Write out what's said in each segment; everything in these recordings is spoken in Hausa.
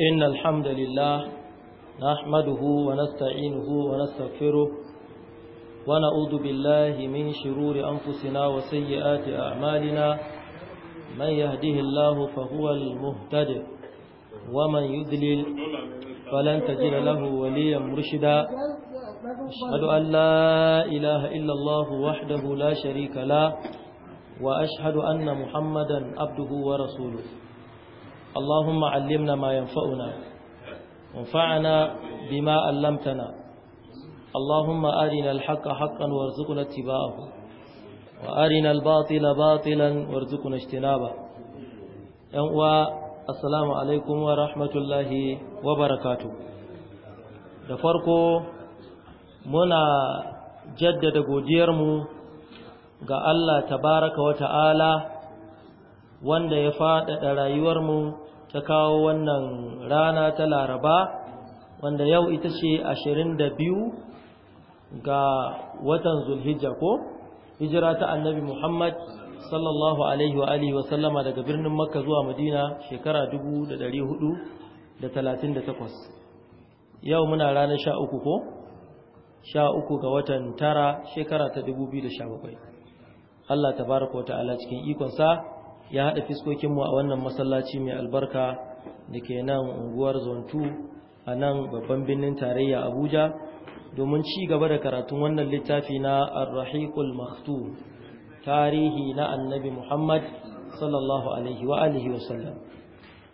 إن الحمد لله نحمده ونستعينه ونستغفره ونعوذ بالله من شرور أنفسنا وسيئات أعمالنا من يهده الله فهو المهتد ومن يذلل فلن تجد له وليا مرشدا أشهد أن لا إله إلا الله وحده لا شريك له وأشهد أن محمدا عبده ورسوله اللهم علمنا ما ينفعنا وانفعنا بما علمتنا اللهم أرنا الحق حقا وارزقنا اتباعه وأرنا الباطل باطلا وارزقنا اجتنابه ينوى السلام عليكم ورحمة الله وبركاته da farko muna jaddada godiyarmu ga Allah tabaraka wa ta'ala wanda ya faɗaɗa rayuwarmu ta kawo wannan rana ta laraba wanda yau ita ce 22 ga watan zulhijja ko hijira ta annabi muhammad sallallahu alaihi wa alihi wa sallama daga birnin makka zuwa madina shekara takwas? yau muna ranar 13 ko 13 ga watan tara shekara ta 2017 Allah ta baraka wa ta'ala cikin ikonsa ya haɗa fiskokinmu a wannan masallaci mai albarka da ke nan unguwar zontu a nan babban birnin tarayya abuja domin ci gaba da karatun wannan littafi na arrahiqul Maktu, tarihi na annabi muhammad sallallahu alaihi wa alihi wasallam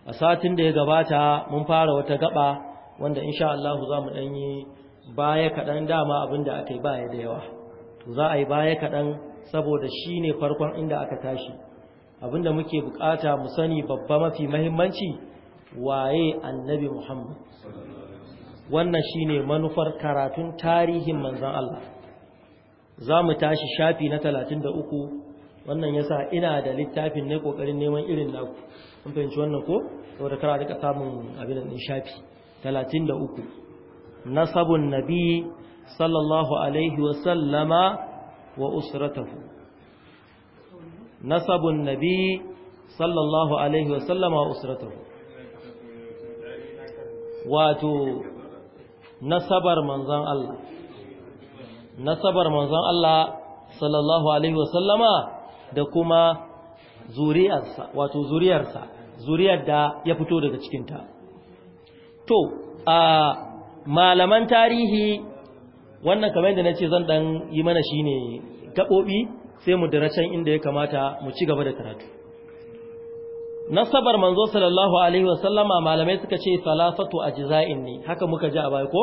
a satin da ya gabata mun fara wata gaba wanda insha Allah za mu ɗanyi baya kaɗan dama abinda aka yi baya da yawa to za a yi baya kaɗan saboda shi ne farkon inda aka tashi abinda muke bukata mu sani babba mafi mahimmanci waye annabi Muhammad wannan shine manufar karatun tarihin manzon Allah za mu tashi shafi na 33 wannan yasa ina da littafin ne kokarin neman irin naku kun fahimci wannan ko saboda kar a rika samun abin nan shafi 33 nasabun nabi sallallahu alaihi wa sallama wa usratahu nasabun nabi sallallahu alaihi wasallam wa usratuhu wato nasabar manzon Allah nasabar manzon Allah sallallahu alaihi wasallama da kuma zuriyarsa wato zuriyarsa zuriyar da ya fito daga cikinta to a malaman tarihi wannan kamar da ce zan ɗan yi mana shine gaɓoɓi. sai mu dira inda ya kamata mu ci gaba da karatu nasabar manzo sallallahu alaihi wasallama malamai suka ce salasatu ajza'in ne haka muka ji a bai ko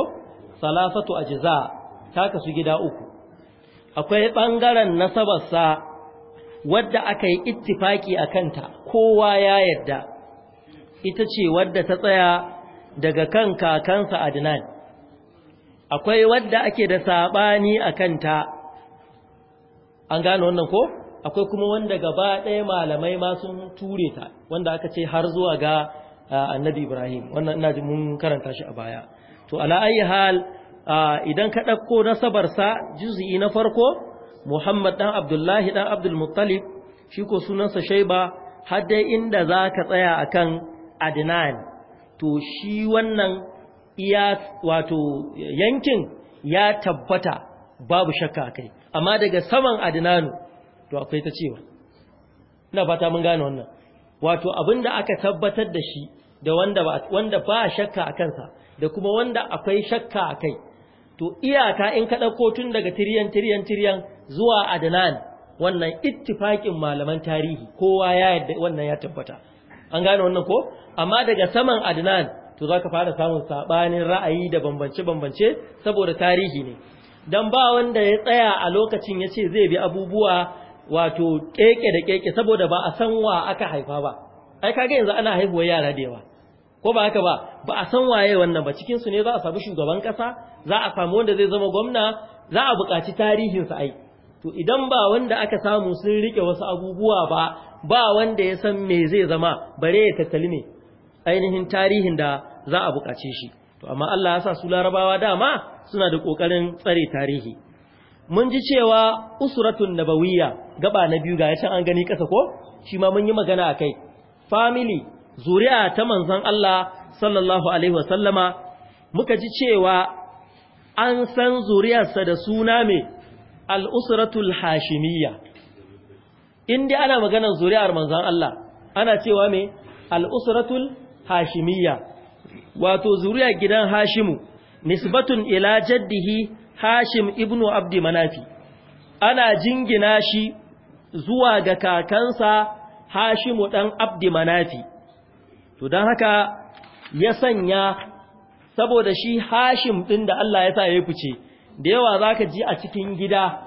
salasatu ajza ta kasu gida uku akwai bangaren sa wadda aka yi ittifaki a kanta kowa ya yadda. ita ce wadda ta tsaya daga kan kakansa Adnan akwai wadda ake da sabani a kanta an gane wannan ko akwai kuma wanda gaba ɗaya malamai ma sun ture ta wanda aka ce har zuwa ga annabi ibrahim wannan ina mun karanta shi a baya to ala ayi hal idan ka ɗauko sa juz'i na farko muhammad dan abdullahi dan abdul muttalib shi ko sunansa shaiba har dai inda za ka tsaya akan adnan to shi wannan iya wato yankin ya tabbata babu shakka kai amma daga saman adinanu to akwai ta cewa ina fata mun gane wannan wato abinda aka tabbatar da shi da wanda ba wanda ba shakka a kansa da kuma wanda akwai shakka a kai to iyaka in ka dauko tun daga tiryan tiryan tiryan zuwa adnan wannan ittifakin malaman tarihi kowa ya yadda wannan ya tabbata an gane wannan ko amma daga saman adnan to zaka fara samun sabanin ra'ayi da bambance bambance saboda tarihi ne don ba wanda ya tsaya a lokacin ya ce zai bi abubuwa wato keke da keke saboda ba a san wa aka haifa ba ai kage yanzu ana haihuwar yara da yawa ko ba haka ba ba a san waye wannan ba cikin su ne za a samu shugaban kasa za a samu wanda zai zama gwamna za a buƙaci tarihin sa ai to idan ba wanda aka samu sun rike wasu abubuwa ba ba wanda ya san me zai zama bare ya tattali ne ainihin tarihin da za a buƙace shi to amma Allah ya sa su larabawa dama suna da ƙoƙarin tsare tarihi mun ji cewa usratun nabawiyya gaba na biyu ga yacin an gani ƙasa ko shi ma mun yi magana a kai. Famili, zuri'a ta manzon Allah sallallahu alaihi wasallama muka ji cewa an san zuriyarsa da suna mai al'usratul hashimiyya inda ana maganar zuri'ar manzan Allah ana cewa mai usratul hashimiyya wato zuriya gidan hashimu nisbatun ila jaddihi hashim ibnu abdi manafi ana jingina shi zuwa ga kakansa hashimu dan abdi manafi to don haka ya sanya saboda shi hashim din da Allah ya sa ya fice da yawa zaka ji a cikin gida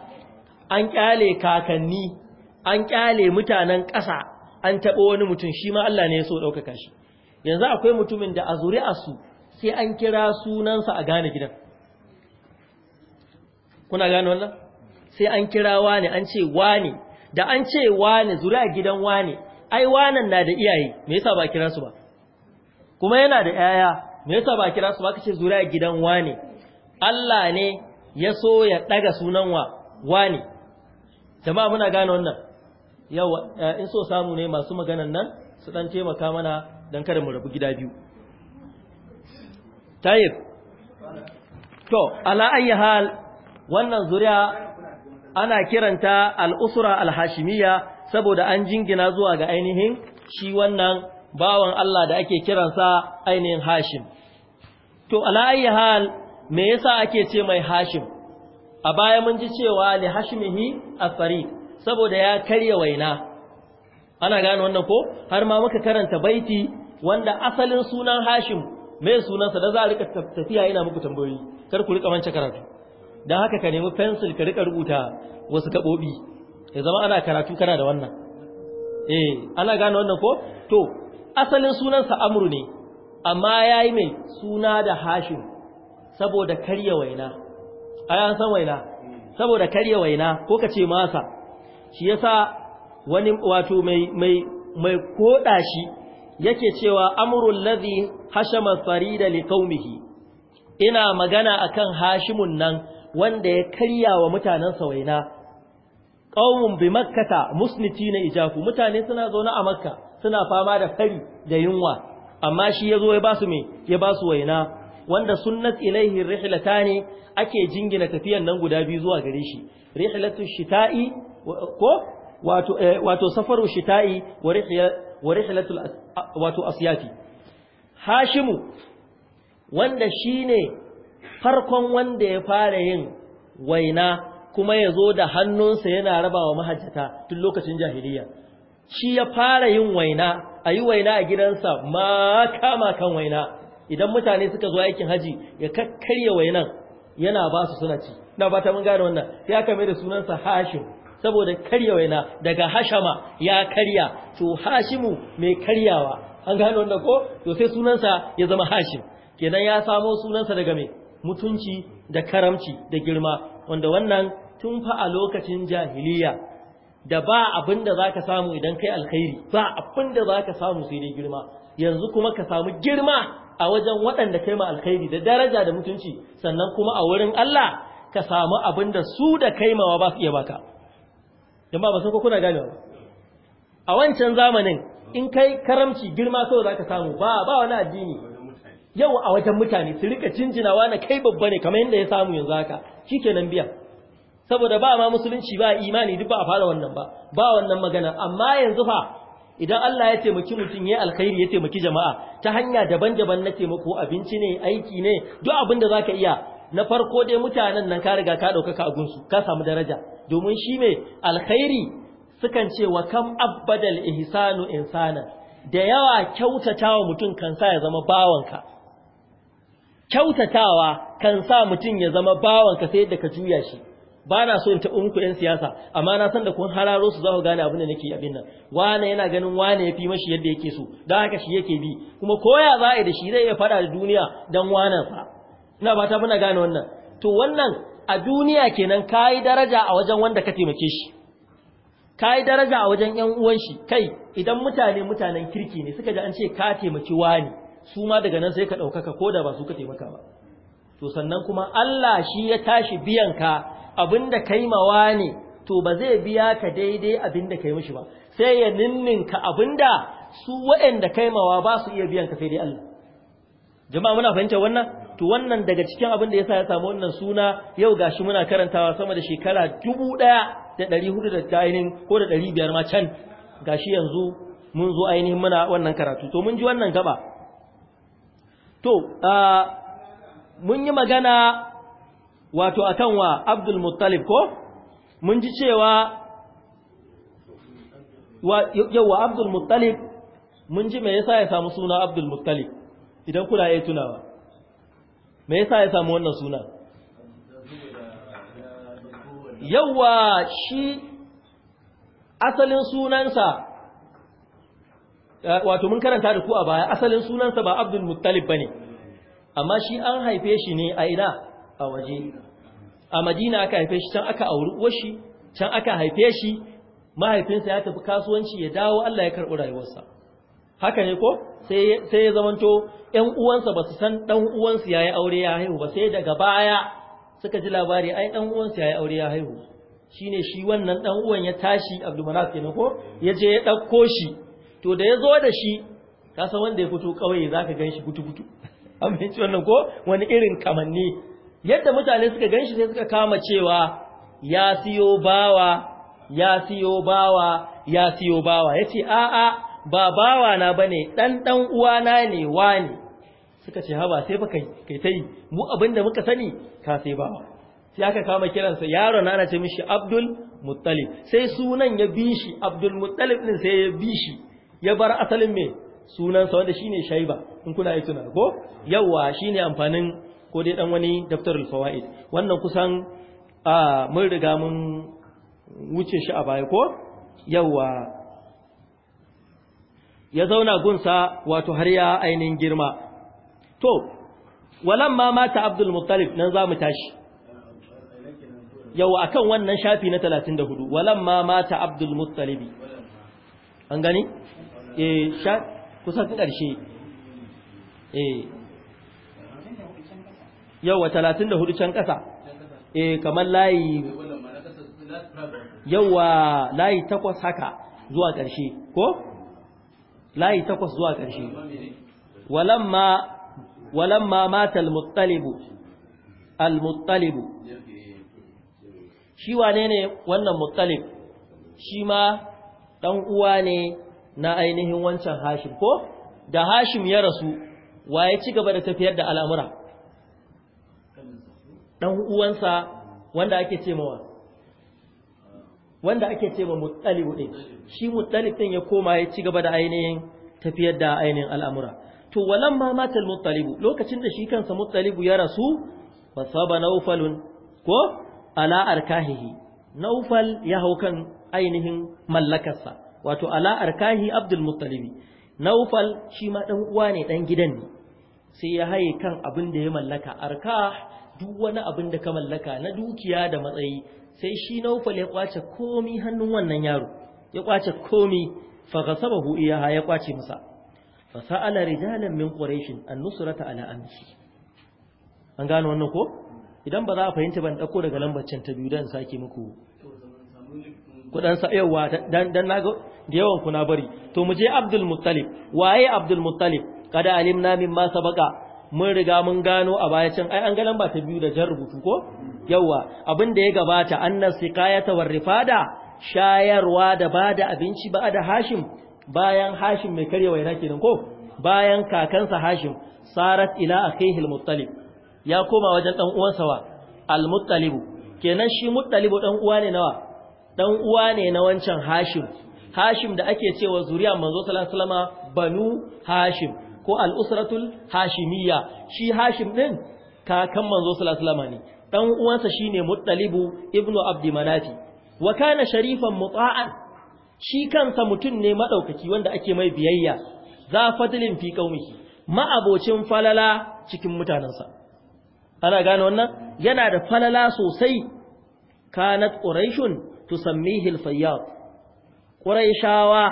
an kyale kakanni an kyale mutanen ƙasa an taɓa wani mutum shi ma Allah ne ya so ɗaukaka shi yanzu akwai mutumin da a zuri'arsu sai an kira sunansa a gane gidan kuna gane wannan sai an kira wane an ce wane da an ce wane zuri'a gidan wane ai wanan na da iyaye me yasa ba kira su ba kuma yana da yaya me yasa ba kira su ba kace zuri'a gidan wane Allah ne ya so ya daga sunan wa wane jama'a muna gane wannan yawa eh, in so samu ne masu maganan nan su dan taimaka mana don kada mu rabu gida biyu tayyib to ala ayi hal wannan zuriya ana kiranta al-usra saboda an jingina zuwa ga ainihin shi wannan bawan Allah da ake kiransa ainihin hashim to ala ayi hal me yasa ake ce mai hashim a baya mun ji cewa li hashimihi a saboda ya karya waina ana gane wannan ko har ma muka karanta baiti wanda asalin sunan Hashim mai sunansa da za a rika tafiya yana muku tambayoyi kar ku rika wancan karatu dan haka ka nemi pencil ka rika rubuta wasu gabobi ya zama ana karatu kana da wannan eh ana gane wannan ko to asalin sunansa Amru ne amma yayi mai suna da Hashim saboda karya waina ayan san waina saboda karya waina ko kace masa shi yasa wani wato mai koɗa shi yake cewa amurul ladhi hashama farida kaumihi ina magana akan hashimun nan wanda ya karya wa mutanen sawaina qaumun bi makkata na ijaku mutane suna zaune a makka suna fama da fari da yunwa amma shi yazo ya basu me ya basu waina wanda sunnat ilaihi ne ake jingina tafiyan nan guda biyu zuwa gare shi rihlatu shita'i ko Eh, wato safaru shita'i wa rihlatul wato asyafi hashimu wanda shine farkon wanda ya fara yin waina kuma ya zo da hannunsa yana rabawa mahajjata tun lokacin jahiliya shi ya fara yin waina a yi waina a gidansa ma kama kan waina idan mutane suka zo aikin haji ya kakkarya wainan yana ba su suna ci na ba ta mun gane wannan ya kame da sunansa hashim saboda karya waina daga hashama ya karya to hashimu mai karyawa an gano wannan ko to sai sunansa ya zama hashim kenan ya samo sunansa daga mai mutunci da karamci da girma wanda wannan tun fa a lokacin jahiliya da ba abin da zaka samu idan kai alkhairi ba abin da zaka samu sai dai girma yanzu kuma ka samu girma a wajen waɗanda kai ma alkhairi da daraja da mutunci sannan kuma a wurin Allah ka samu abin da su da kaimawa ba su iya baka jama'a ba sun ko kuna gane ba a wancan zamanin in kai karamci girma za ka samu ba ba wani addini yau a wajen mutane su rika jinjinawa na kai babba ne kamar yadda ya samu yanzu haka ke nan biya saboda ba ma musulunci ba imani duk ba a fara wannan ba ba wannan magana amma yanzu fa idan Allah ya taimaki mutum ya alkhairi ya taimaki jama'a ta hanya daban-daban na taimako abinci ne aiki ne duk abin da zaka iya na farko dai mutanen nan ka riga ka ɗaukaka a gunsu ka samu daraja domin shi mai alkhairi sukan ce wa kam abbadal ihsanu insana da yawa kyautatawa mutum kan sa ya zama bawanka kyautatawa kan sa mutum ya zama bawanka sai da ka juya shi ba na so in taɓa muku 'yan siyasa amma na san da kun hararo su za ku gane abin da nake abin nan wane yana ganin wane ya fi mashi yadda yake so don haka shi yake bi kuma koya za yi da shi zai iya fada da duniya don wanansa ina ba ta muna gane wannan to wannan a duniya kenan kayi daraja a wajen wanda ka taimake shi kayi daraja a wajen ƴan uwan shi kai idan mutane mutanen kirki ne suka ji an ce ka taimaki wani su ma daga nan sai ka ɗaukaka ko da ba su ka taimaka ba to sannan kuma Allah shi ya tashi biyan ka abinda kai ma ne to ba zai biya ka daidai abinda kai mishi ba sai ya ninninka abinda su waɗanda kai mawa ba su iya biyan ka sai dai Allah jama'a muna fahimtar wannan to wannan daga cikin abin da yasa ya samu wannan suna yau gashi muna karantawa sama da shekara dubu ɗaya da ɗari hudu da ko da ɗari biyar ma can gashi yanzu mun zo ainihin muna wannan karatu to mun ji wannan gaba to mun yi magana wato akan wa Abdul Muttalib ko mun ji cewa yawa Abdul Muttalib mun ji me yasa ya samu suna Abdul Muttalib idan kuna yi tunawa me yasa ya samu wannan suna yawa shi asalin sunansa eh, wato mun karanta da ku a baya asalin sunansa ba abdul muttalib bane amma shi an haife shi ne a ina a waje a madina aka haife shi can aka auri shi? can aka haife shi mahaifinsa ya tafi kasuwanci ya dawo Allah ya karɓi rayuwarsa haka ne ko sai ya zamanto ‘yan uwansa ba su san ɗan uwansu ya yi aure ya haihu ba sai daga baya suka ji labari ai ɗan uwansu ya yi aure ya haihu shi ne shi wannan ɗan uwan ya tashi abdulmanaf ke ko ya je ya ɗauko shi to da ya zo da shi ka san wanda ya fito ƙauye za ka gan shi gutu-gutu an fahimci wannan ko wani irin kamanni yadda mutane suka gan shi sai suka kama cewa ya siyo bawa ya siyo bawa ya siyo bawa ya ce a'a ba bawa na bane dan dan uwana ne wani suka ce haba sai ba kai ta tai mu abinda muka sani ka sai bawa sai aka kama kiransa yaro na ana ce mishi Abdul Muttalib sai sunan ya bi shi Abdul Muttalib din sai ya bi shi ya bar asalin me sunansa wanda shine Shaiba in kuna yi tunar ko yawa shine amfanin ko dai dan wani daftarul fawaid wannan kusan a ah, mun riga mun wuce shi a baya ko yawa ya zauna gunsa wato har ya ainihin girma to walamma mata abdul muttalib nan za mu tashi yau akan wannan shafi na 34 walamma mata abdul muttalib an gani E, sha fi ƙarshe. E, yau 34 can kasa E, eh, kamar layi yauwa layi takwas haka zuwa ƙarshe ko layi takwas zuwa ƙarshe walamma ma mata al-muttalibu al-muttalibu shi wane ne wannan muttalib shi ma dan uwa ne na ainihin wancan hashim ko da hashim ya rasu waye ci gaba da tafiyar da al'amura dan uwansa wanda ake ce mawa wanda ake ce ma muttalibu din shi muttalib ɗin ya koma ya ci gaba da ainihin tafiyar da ainihin al'amura to ma matal muttalibu lokacin da shi kansa muttalibu ya rasu saba naufalun ko ala kahihi naufal ya hau kan ainihin mallakarsa wato ala arkahi abdul naufal shi ma ɗan uwa ne ɗan gidan ne sai ya haye kan abin da ya mallaka "Arka duk wani abin da ka mallaka na dukiya da matsayi sai shi naufal ya kwace komi hannun wannan yaro ya kwace komi fa ghasabahu iyaha ya kwace masa fa sa'ala rijalan min quraish an nusrata ala amshi an gano wannan ko idan ba za a fahimta ban dauko daga lambacin ta biyu dan sake muku ku dan sa yawa dan dan naga da yawan ku na bari to mu je abdul muttalib waye abdul muttalib kada alimna mimma sabaka mun riga mun gano a baya can ai an ga lamba ta biyu da jar rubutu ko yawa da ya gabata annas siqayata war rifada shayarwa da bada abinci ba da hashim bayan hashim mai karyewa yana kenan ko bayan kakansa hashim sarat ila akhihi al ya koma wajen dan uwansa wa al-muttalib kenan shi muttalib dan uwa ne nawa dan uwa ne na wancan hashim hashim da ake cewa zuriya manzo sallallahu alaihi wasallama banu hashim ko al-usratul hashimiyya shi hashim din kakan manzo sallallahu alaihi wasallama ne Ɗan uwansa shine muttalibu ibnu abdi manafi wa kana sharifan muta'an shi kansa mutum ne madaukaki wanda ake mai biyayya za fadlin fi qaumihi ma'abocin falala cikin mutanansa ana gane wannan yana da falala sosai kanat quraishun tusammihi al-fayyad quraishawa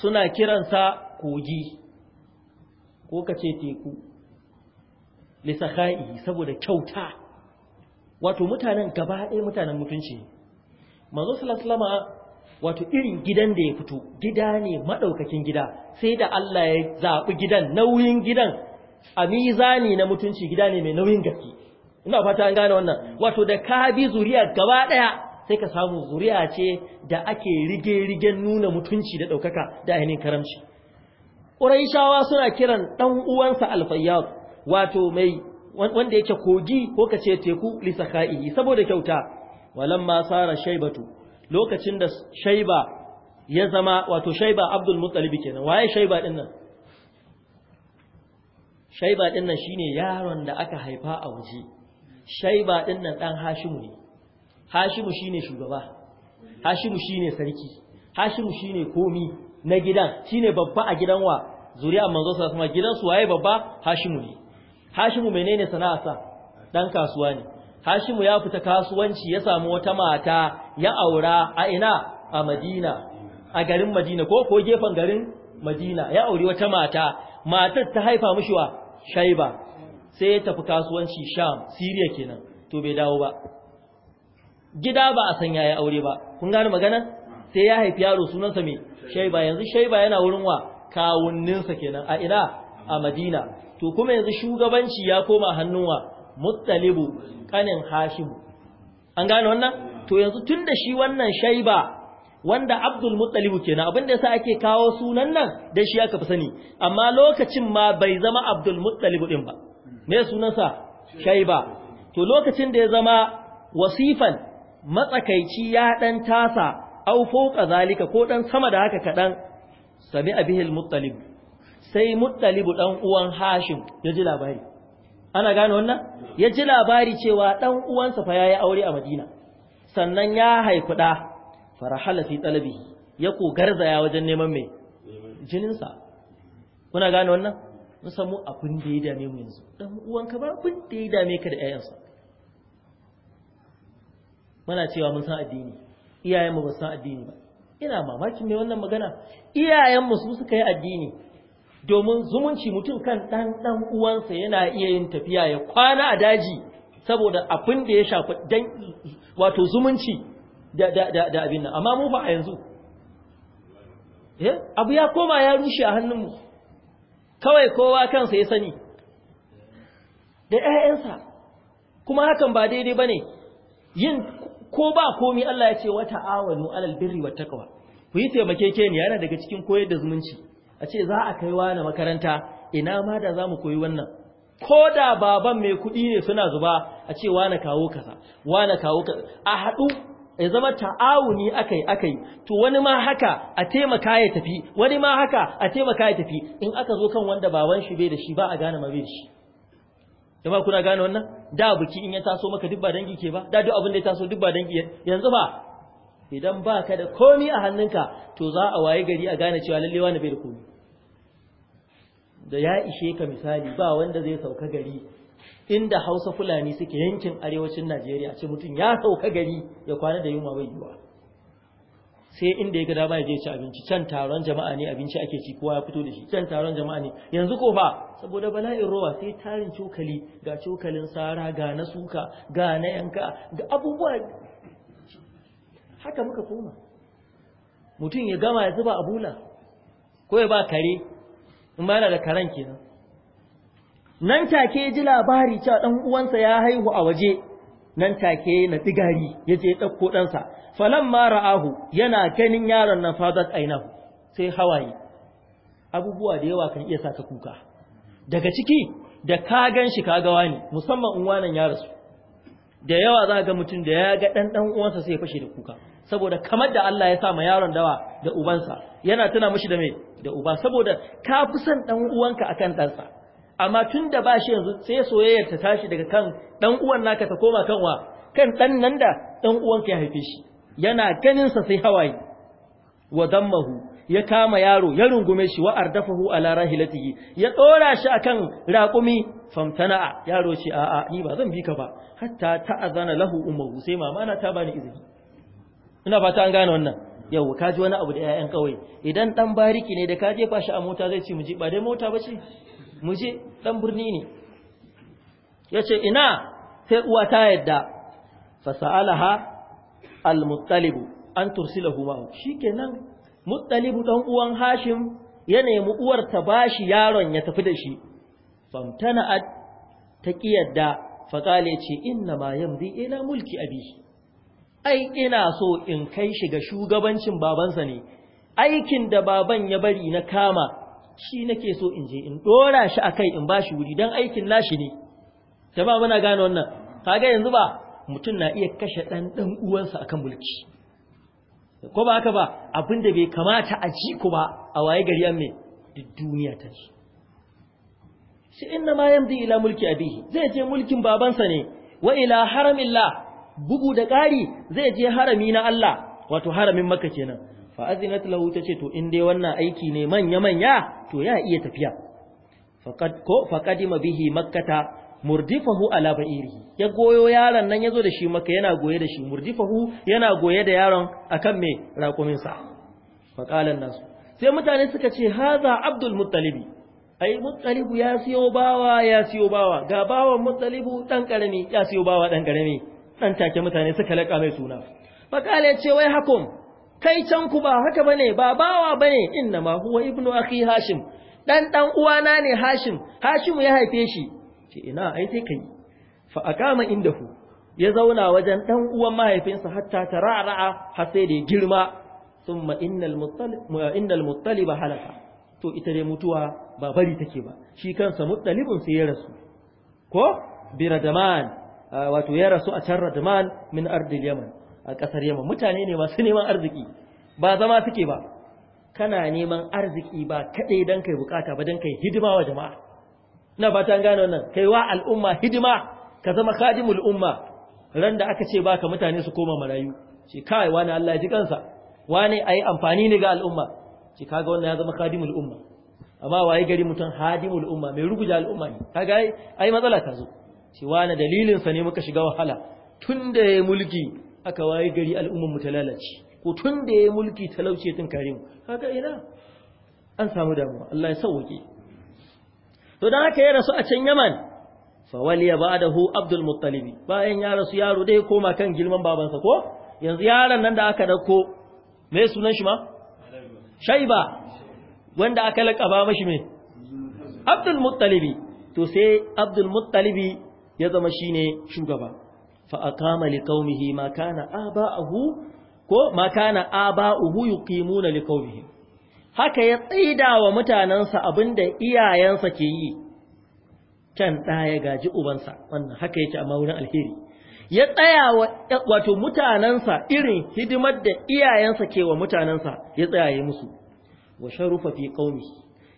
suna kiransa kogi ko kace teku lisaka'i saboda kyauta wato mutanen gaba ɗaya mutanen mutunci ne manzo wato irin gidan da ya fito gida ne maɗaukakin gida sai da Allah ya zaɓi gidan nauyin gidan a mizani na mutunci gida ne mai nauyin gaske ina fata an gane wannan wato da ka bi zuriya gaba ɗaya sai ka samu zuriya ce da ake rige-rigen nuna mutunci da ɗaukaka da ainihin karamci ƙuraishawa suna kiran ɗan uwansa alfayyar wato mai wanda yake kogi ko kace teku li saboda kyauta walamma sara shaybatu lokacin da shayba ya zama wato shayba abdul muttalib kenan waye shayba din nan shayba din nan shine yaron da aka haifa a waje shayba din nan dan hashimu ne hashimu shine shugaba hashimu shine sarki hashimu shine komi na gidan shine babba a gidan wa zuriya manzo sallallahu alaihi wasallam gidan waye babba hashimu ne hashimu menene sana'a sa? dan kasuwa ne hashimu ya fita kasuwanci ya samu wata mata ya aura a ina a madina a garin madina ko ko gefen garin madina ya aure wata mata matar ta haifa mishi wa shaiba sai ya tafi kasuwanci sham siriya kenan to bai dawo ba gida ba a san yayi aure ba kun gane magana sai ya haifi yaro sunansa me shaiba yanzu shaiba yana wurin wa kawunninsa kenan a ina a madina to kuma yanzu shugabanci ya koma hannuwa, muttalibu kanin hashimu an gane wannan to yanzu tunda shi wannan shaiba wanda abdul muttalibu kenan abin da yasa ake kawo sunan nan da shi aka fi sani amma lokacin ma bai zama abdul muttalibu din ba me sunansa shaiba to lokacin da ya zama wasifan matsakaici ya dan tasa au fauka zalika ko dan sama da haka kadan sami abihil muttalib sai muttalibu dan uwan hashim ya ji labari ana gane wannan ya ji labari cewa dan uwansa fa yayi aure a madina sannan ya haifu da farahala fi talabi ya ko garzaya wajen neman mai jininsa kuna gane wannan mun samu abin da ya dame mu yanzu dan uwanka ba abin da ya dame ka da ƴaƴansa muna cewa mun san addini iyayenmu ba san addini ba ina mamakin mai wannan magana iyayenmu su suka yi addini domin zumunci mutum kan ɗan ɗan uwansa yana iya yin tafiya ya kwana a daji saboda abin da ya shafi dan wato zumunci da abin nan amma mu ba a yanzu eh, abu ya koma ya rushe a hannunmu kawai kowa kansa ya sani da 'ya'yansa kuma hakan ba daidai bane yin ko ba komi Allah ya ce wata awa alal birri wata kawa ku yi taimakekeniya yana daga cikin koyar da zumunci a ce za a kai wani makaranta ina ma da za mu koyi wannan ko da baban mai kuɗi ne suna zuba a ce wani kawo kasa wani kawo kasa a haɗu ya zama ta'awuni akai akai to wani ma haka a taimaka ya tafi wani ma haka a taimaka ya tafi in aka zo kan wanda baban shi bai da shi ba a gane ma bai da shi jama'a kuna gane wannan da buki in ya taso maka duk ba dangi ke ba da duk abin da ya taso duk ba dangi yanzu ba idan ba ka da komi a hannunka to za a waye gari a gane cewa lallewa na bai da komi da ya ishe ka misali ba wanda zai sauka gari inda hausa fulani suke yankin arewacin najeriya ce mutum ya sauka gari ya kwana da yunwa bai yiwa sai inda ya ga dama ya je ci abinci can taron jama'a ne abinci ake ci kowa ya fito da shi can taron jama'a ne yanzu ko fa saboda bala'in rowa sai tarin cokali ga cokalin sara ga na suka ga na yanka ga abubuwa haka muka koma mutum ya gama ya zuba a bula ko ya ba kare in da karen kenan nan take ji labari cewa ɗan uwansa ya haihu a waje nan take na digari ya je ɗauko ɗansa mara ahu yana ganin yaron nan fadat ainahu sai hawaye abubuwa da yawa kan iya ka kuka daga ciki da ka gan shi ka gawa ne musamman in wannan ya rasu da yawa za ga mutum da ya ga ɗan ɗan uwansa sai ya fashe da kuka saboda kamar da Allah ya sa ma yaron dawa da ubansa yana tana mishi da me da uba saboda ka fi son dan uwanka akan ɗansa amma tun da ba shi yanzu sai soyayyar ta tashi daga kan dan uwan naka ta koma kanwa kan dan nan da dan uwanka ya haife shi yana ganin sa sai hawaye wa dammahu ya kama yaro ya rungume shi wa ardafahu ala rahilatihi ya dora shi akan raqumi famtana'a yaro ce a'a ni ba zan bi ka ba hatta ta azana lahu ummuhu sai mama na ta bani izini ina fata an gane wannan yau ka ji wani abu da 'ya'yan kawai idan dan bariki ne da ka jefa shi a mota zai ce mu je ba dai mota ba ce mu je dan birni ne yace ina sai uwa ta yadda sa'alaha al-muttalib an tursilahu ma shikenan muttalib dan uwan hashim ya nemi uwar ta bashi yaron ya tafi da shi famtana'at ta kiyarda kale ce inna ma yamdi ila mulki abihi ai ina so in kai shi ga shugabancin babansa ne aikin da baban ya bari na kama shi nake so in je in dora shi akai in bashi wuri dan aikin nashi ne jama'a muna gane wannan kaga yanzu ba mutum na iya kashe dan dan uwansa akan mulki ko ba haka ba abinda bai kamata a ji ku ba a waye gari an me duniya ta ji sai inna ma yamdi ila mulki abihi zai je mulkin babansa ne wa ila haramillah bugu da ƙari zai je harami na Allah wato haramin makka kenan fa azinat lahu tace to in dai wannan aiki ne manya manya to ya iya tafiya faqad ko faqadima bihi makkata murdifahu ala ba'irihi ya goyo yaron nan yazo da shi makka yana goye da shi murdifahu yana goye da yaron akan me raƙumin sa fa qalan nasu sai mutane suka ce haza abdul muttalibi ai muttalibu ya siyo bawa ya siyo bawa ga bawan muttalibu dan karami ya siyo bawa dan karami nan take mutane suka laƙa mai suna faƙala ce wai hakum kai can ku ba haka bane ba bawa bane inna ma huwa ibnu akhi hashim dan dan uwana ne hashim hashim ya haife shi ce ina ai sai kai fa inda ku ya zauna wajen dan uwan mahaifinsa hatta tarara'a har sai da ya girma thumma innal muttalib halaka to ita dai mutuwa ba bari take ba shi kansa muttalibun sai ya rasu ko biradaman wato ya rasu a can radman min ardil yaman a kasar yaman mutane ne masu neman arziki ba zama suke ba kana neman arziki ba kadai dan kai bukata ba dan kai hidima wa jama'a ina ba ta gane wannan kai wa al'umma hidima ka zama khadimul umma ran da aka ce baka mutane su koma marayu ce kai wani Allah ya ji kansa wani ai amfani ne ga al'umma ce kaga wannan ya zama khadimul umma amma waye gari mutum hadimul umma mai ruguja al'umma ne kaga ai matsala ta zo cewa na dalilinsa ne muka shiga wahala tun da ya mulki aka waye gari al'ummanmu ta lalace ko tun da ya mulki talauce tun kare mu haka ina an samu damuwa Allah ya sauke to dan haka ya rasu a can Yaman fa waliya ba'dahu Abdul Muttalib bayan ya rasu yaro dai koma kan girman babansa ko yanzu yaron nan da aka dauko me sunan shi ma Shaiba wanda aka lakaba mashi me Abdul Muttalib to sai Abdul Muttalib ya zama shi ne shugaba fa aqama liqaumihi ma kana aba'uhu A ma kana na yuqimuna haka ya tsida wa mutanensa abinda iyayensa ke yi can ɗaya gaji ubansa wannan haka yake a maunin alheri ya tsaya wato mutanansa irin hidimar da iyayensa ke wa mutanansa ya tsaya yi musu wa sharufa fi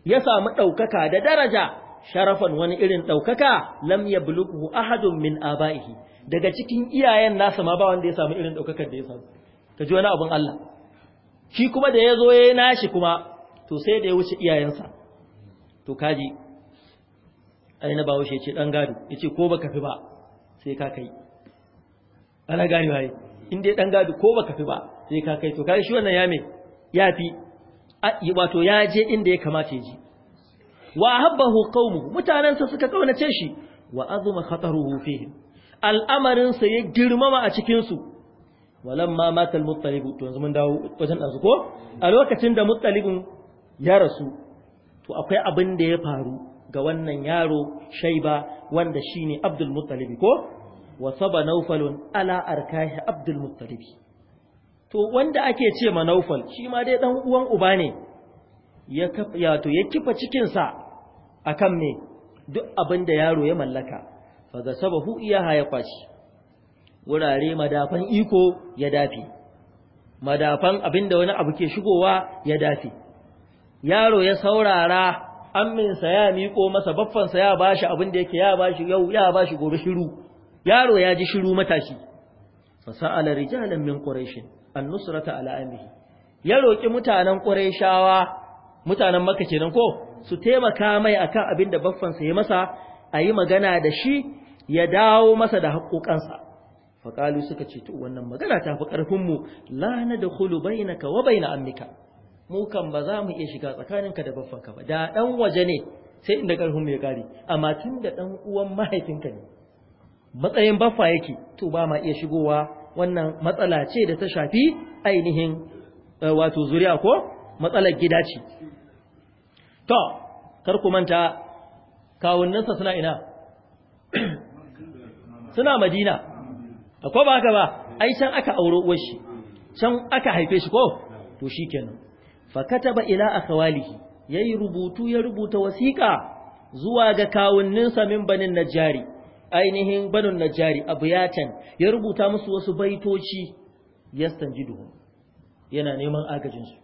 ya samu ɗaukaka da daraja sharafan wani irin ɗaukaka lam ya bulukuhu ahadun min aba'ihi daga cikin iyayen nasa ma ba wanda ya samu irin ɗaukakar da ya samu ka ji wani abin Allah shi kuma da ya zo ya yi nashi kuma to sai da ya wuce iyayensa to kaji ai na bawo shi ya ce ɗan gado ya ce ko baka fi ba sai ka kai ana gani waye in dai ɗan gado ko baka fi ba sai ka kai to kaji shi wannan ya me ya fi wato ya je inda ya kamata ya ji wa habbahu qaumuhu sa suka kaunace shi wa azuma khataruhu fihim al'amarin sa ya girmama a cikin su walamma mata al-muttalib to yanzu mun dawo wajen dan ko a lokacin da muttalibin ya rasu to akwai abin da ya faru ga wannan yaro shaiba wanda shine abdul muttalib ko wa saba naufalun ala arkahi abdul muttalib to wanda ake ce ma naufal shi ma dai dan uwan uba ne ya to ya kifa cikin sa akan me duk abin da yaro ya mallaka faga sabahu iyaha ya kwashi wurare madafan iko ya dafi madafan abin da wani abu ke shigowa ya dafi yaro ya saurara amminsa ya miko masa baffansa ya bashi da yake ya bashi yau ya bashi gobe shiru yaro ya ji shiru matashi fasa'ala rijalan min quraish an-nusrata ala amrihi ya roki mutanen quraishawa mutanen makka kenan ko su taimaka mai a akan abin da baffansa ya masa a yi magana da shi ya dawo masa da haƙoƙansa faƙalu suka ce to wannan magana ta fi ƙarfinmu Lana da da hulu bainaka wa baina amnika mu kan ba za mu iya shiga tsakaninka da baffanka ba da ɗan waje ne sai inda ƙarfinmu ya ƙare amma tun da ɗan uwan mahaifinka ne matsayin baffa yake to ba ma iya shigowa wannan matsala ce da ta shafi ainihin eh, wato zuriya ko matsalar gida ce to kar ku manta kawunansa suna ina suna madina akwai ba haka ba ai can aka auro uwar shi can aka haife shi ko to shikenan fa kataba ila ya yayi rubutu ya rubuta wasiƙa zuwa ga kawunansa min banin najari ainihin banin najari abuyatan ya rubuta musu wasu baitoci duhu yana neman agajinsu.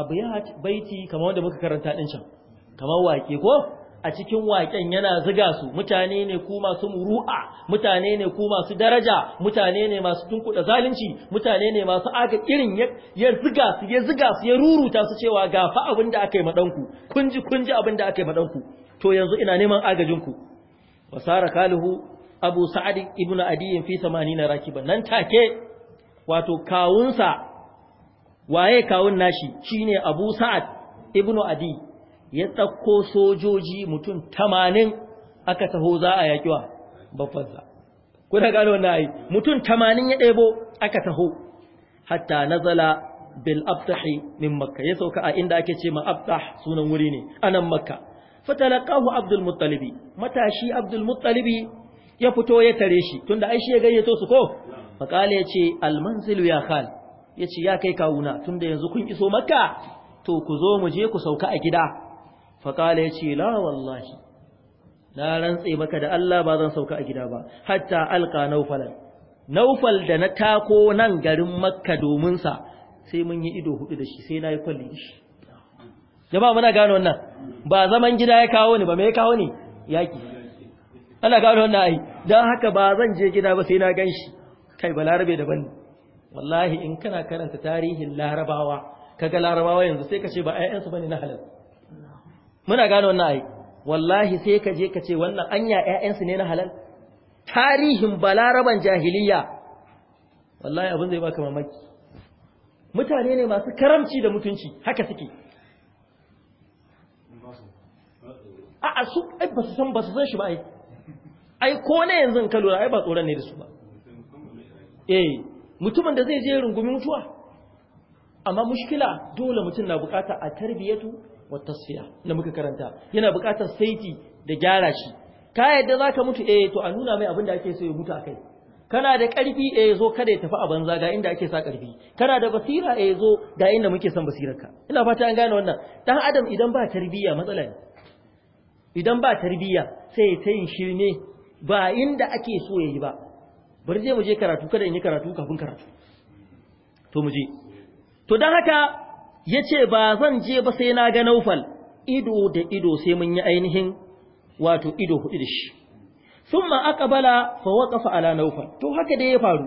abiyat baiti kamar wanda muka karanta din can kamar waƙe ko a cikin waƙen yana ziga su mutane ne ku masu muru'a mutane ne ku masu daraja mutane ne masu tunkuda zalunci mutane ne masu aga irin ya ziga su ya ziga su ya ruruta su cewa ga fa abin da aka yi madanku kun ji kun ji abin da aka yi madanku to yanzu ina neman agajinku wasara kaluhu abu sa'ad ibnu adiyin fi 80 rakiban nan take wato kawunsa waye kawun nashi shine Abu Sa'ad ibn Adi ya tsakko sojoji mutum 80 aka taho za a yakiwa bafansa kuna gano wannan ai mutum 80 ya ɗebo aka taho hatta nazala bil abtahi min makka ya sauka a inda ake ce ma abtah sunan wuri ne anan makka fatalaqahu abdul muttalibi matashi abdul muttalibi ya fito ya tare shi tunda ai shi ya gayyato su ko ya ce al manzilu ya khal ya ce ya kai kawuna tunda yanzu kun iso makka to ku zo mu je ku sauka a gida faƙala ya ce la wallahi na rantse maka da Allah ba zan sauka a gida ba hatta alka naufalan naufal da na tako nan garin makka domin sa sai mun yi ido hudu da shi sai na yi kwalli shi jama'a muna gano wannan ba zaman gida ya kawo ni ba me ya kawo ni yaki ana gano wannan ai dan haka ba zan je gida ba sai na ganshi kai balarabe daban ne wallahi in kana karanta tarihin larabawa kaga larabawa yanzu sai ka ce ba ayyansu bane na halal muna gane wannan ai wallahi sai ka je ka ce wannan anya ayyansu ne na halal tarihin balaraban jahiliya wallahi abin zai baka mamaki mutane ne masu karamci da mutunci haka suke a'a su ai ba su san ba su san shi ba ai ai ko ne yanzu ka lura ai ba tsoron ne da su ba eh mutumin da zai je rungumin mutuwa amma mushkila dole mutum na bukata a tarbiyatu wa tasfiya na muka karanta yana bukatar saiti da gyara shi ka yadda zaka mutu eh to a nuna mai abin da ake so ya mutu akai kana da ƙarfi eh zo kada ya tafi a banza ga inda ake sa karfi kana da basira eh zo ga inda muke san basirarka ina fata an gane wannan dan adam idan ba tarbiyya matsala ne idan ba tarbiyya sai ya tayin shirme ba inda ake so ya yi ba bari zai mu karatu kada in yi karatu kafin karatu to mu je to dan haka yace ba zan je ba sai na ga Naufal ido da ido sai mun yi ainihin wato ido hudu da shi thumma aqbala fa waqafa ala Naufal to haka da ya faru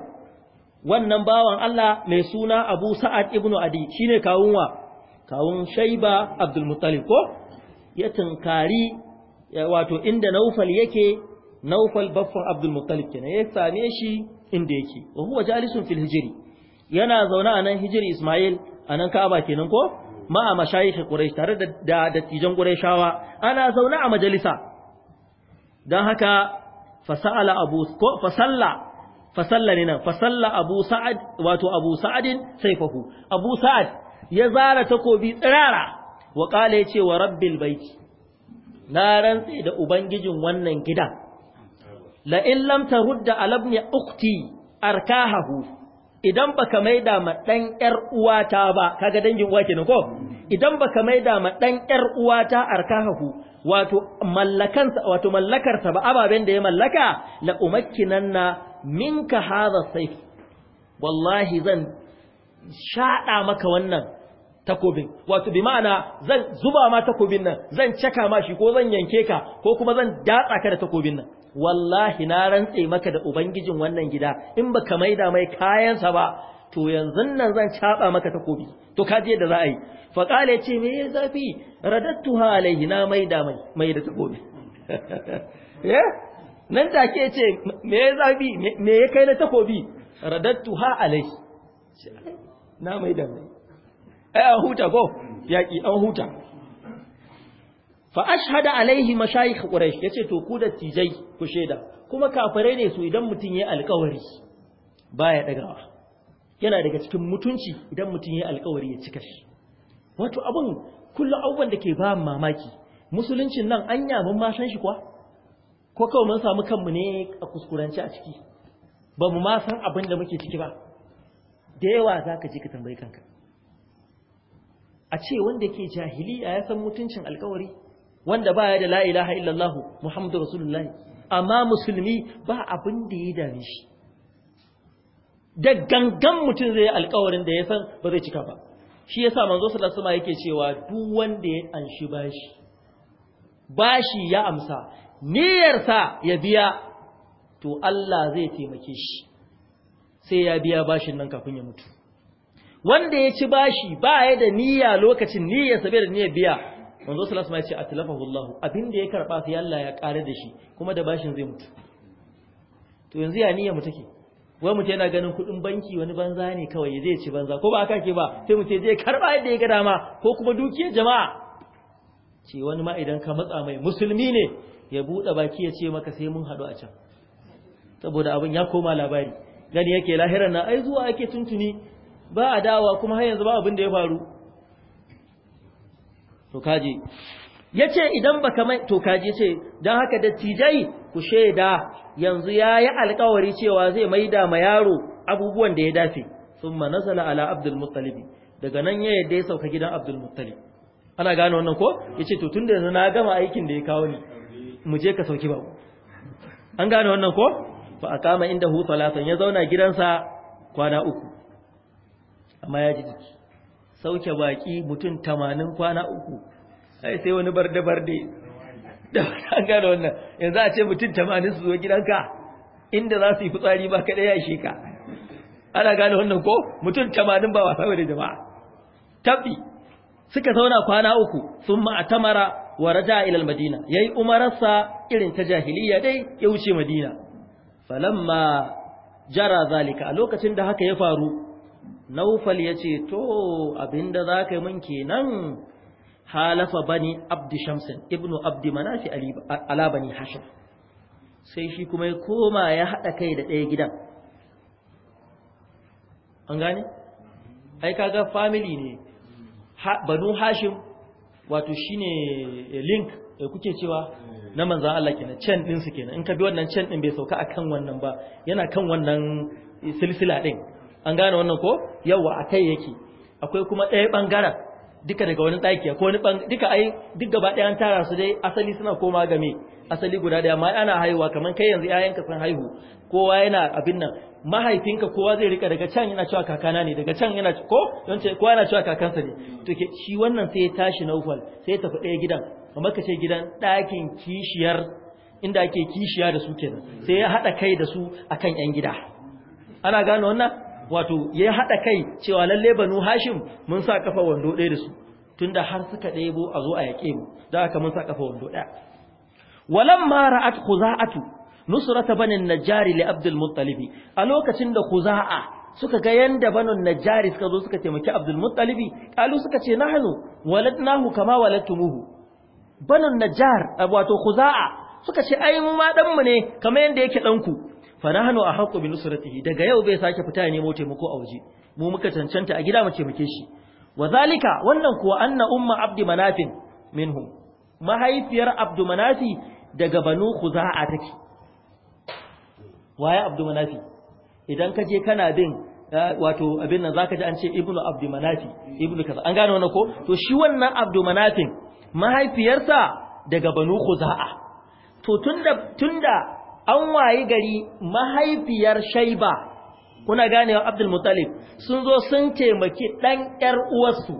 wannan bawan Allah mai suna Abu Sa'ad ibn Adi shine kawun wa kawun Shayba Abdul ko ya tunkari wato inda Naufal yake naufal baffan abdul muttalib kenan ya same shi inda yake wa huwa jalisun fil hijri yana zaune a nan hijri isma'il a nan ka'aba kenan ko ma a mashayikh quraish tare da dattijan qurayshawa ana zaune a majalisa dan haka fasala abu ko fasalla fasalla ne nan fasalla abu sa'ad wato abu sa'adin saifahu abu sa'ad ya zara takobi tsirara wa qala yace wa rabbil baiti na rantse da ubangijin wannan gidan la'in lamta rudda alabni ukti arkahahu idan baka maida ma dan yar uwata ba kaga dangin uwa kenan ko idan baka maida ma dan yar uwata arkahahu wato wato mallakarsa ba ababen da ya mallaka la umakkinanna minka hadha sai wallahi zan shaɗa maka wannan takobin wato bi ma'ana zan zuba ma takobin nan zan caka ma shi ko zan yanke ka ko kuma zan datsa ka da takobin nan wallahi na rantse maka da ubangijin wannan gida in baka maida mai kayansa ba to yanzu nan zan caba maka takobi to kaje yadda za a yi fa kale yace me ya zafi radattuha alaihi na maida mai mai da takobi eh nan take yace me ya zafi me ya kai na takobi radattuha alaihi na maida mai ai an huta ko yaki an huta fa ashhada alaihi mashayikh quraish yace to ku da tijai ku sheda kuma kafirai ne su idan mutun yayi alƙawari baya dagawa yana daga cikin mutunci idan mutun yayi alƙawari ya cika shi wato abun kullu abun da ke ba mamaki musuluncin nan anya mun ma san shi kwa ko kawai mun samu kanmu ne a kuskuranci a ciki ba mu ma san abin da muke ciki ba da yawa zaka je ka tambayi kanka a ce wanda ke jahiliya ya san mutuncin alkawari wanda ba ya da la ilaha illallah muhammadu rasulullahi amma musulmi ba abin da ya dame shi da gangan mutum zai yi alkawarin da ya san ba zai cika ba shi ya yasa manzo sallallahu yake cewa duk wanda ya anshi bashi bashi ya amsa niyyarsa ya biya to Allah zai taimake shi sai ya biya bashin nan kafin ya mutu wanda ya ci bashi ba ya da niyya lokacin niyyarsa bai da niyyar biya manzo sallallahu alaihi wasallam ya ce atlafahu Allah abin da ya karba sai Allah ya kare da shi kuma da bashin zai mutu to yanzu ya niyya mu take wai mutum yana ganin kuɗin banki wani banza ne kawai zai ci banza ko ba aka ke ba sai mutum zai karba yadda ya ga dama ko kuma dukiyar jama'a ce wani ma idan ka matsa mai musulmi ne ya buɗe baki ya ce maka sai mun haɗu a can saboda abin ya koma labari gani yake lahiran na ai zuwa ake tuntuni ba a dawa kuma har yanzu ba abin da ya faru to yace idan baka mai to ce dan haka dattijai ku sheda yanzu ya yi alƙawari cewa zai maida ma yaro abubuwan da ya dace thumma nasala ala abdul muttalib daga nan ya yadda ya sauka gidan abdul muttalib ana gane wannan ko yace to tunda yanzu na gama aikin da ya kawo ni mu je ka sauki babu an gane wannan ko fa kama indahu salatan ya zauna gidansa kwana uku amma ya ji jiki sauke baki mutum tamanin kwana uku ai sai wani barde-barde da an gano wannan yanzu a ce mutum tamanin su zo gidanka inda za su yi fitsari ba kaɗai ya shi ka ana gano wannan ko mutum tamanin ba wasa da jama'a tabbi suka zauna kwana uku sun tamara wa raja ilal madina yi umararsa irin ta jahiliya dai ya wuce madina falamma jara zalika a lokacin da haka ya faru naufal ya ce to abinda za ka yi mun kenan halafa bani abdi shamsin ibnu abdi manafi alabani bani hashim sai shi kuma ya koma ya haɗa kai da ɗaya gidan an gane? ai kaga family ne banu hashim wato shine eh, link da eh, kuke cewa na manzan Allah kenan can din su kenan in ka bi wannan can din bai sauka a kan wannan ba yana kan wannan eh, silsila din an gane wannan ko yawa a kai yake akwai kuma ɗaya ɓangaren duka daga wani ɗaki ko wani duka ai duk gaba ɗaya an tara su dai asali suna koma game asali guda ɗaya ma ana haihuwa kamar kai yanzu ƴaƴanka sun haihu kowa yana abin nan mahaifinka kowa zai rika daga can yana cewa kakana ne daga can yana ko don ce kowa yana cewa kakansa ne to ke shi wannan sai ya tashi naufal sai ya tafi ɗaya gidan kamar ka ce gidan ɗakin kishiyar inda ake kishiya da su kenan sai ya haɗa kai da su akan ƴan gida ana gane wannan wato ya haɗa kai cewa lalle banu hashim mun sa kafa wando ɗaya da su tunda har suka ɗebo a zo a yaƙe mu da aka mun sa kafa wando ɗaya walamma ra'at khuza'atu nusrata banin najari li abdul muttalib a lokacin da khuza'a suka ga yanda banin najari suka zo suka taimaki abdul muttalib kalu suka ce nahnu waladnahu kama waladtumuhu Banun najar wato khuza'a suka ce ai mu ma dan mu ne kamar yanda yake dan ku fa a haƙo bi nusratihi daga yau bai sake fita ya nemo taimako a waje mu muka cancanta a gida mu taimake shi wazalika wannan kuwa anna umma abdi manafin minhum mahaifiyar abdu manafi daga banu khuza'a take waye abdu manafi idan ka je kana bin eh, wato abin nan zaka ji an ce ibnu abdu manafi ibnu kaza an gane wannan ko to shi wannan abdu manafin mahaifiyarsa daga banu khuza'a to tunda tunda an wayi gari mahaifiyar shaiba kuna ganewa abdul mutalib sun zo sun taimaki ɗan ƴar uwarsu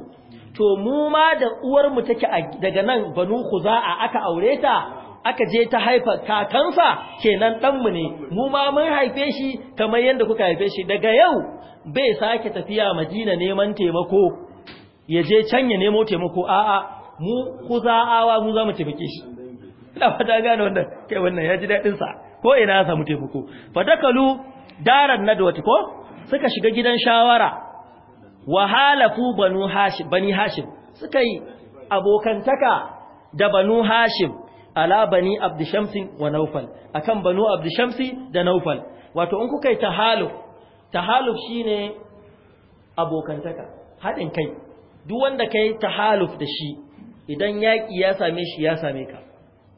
to mu ma da uwarmu take daga nan banu a aka aure ta aka je ta haifa kakansa kenan ɗanmu ne mu ma mun haife shi kamar yadda kuka haife shi daga yau bai sake tafiya madina neman taimako ya je can ya nemo taimako a'a mu kuza'awa mu za mu taimake shi ina fata gane wannan kai wannan ya ji daɗinsa ko ina ya samu taimako dakalu daran nadwati ko suka shiga gidan shawara wahalafu banu hashim bani hashim suka yi abokantaka da banu hashim ala bani abdushamsi wa naufal akan banu abdushamsi da naufal wato in kuka yi tahaluf tahalu shine abokantaka haɗin kai duk wanda kai tahaluf da shi idan yaƙi ya same shi ya same ka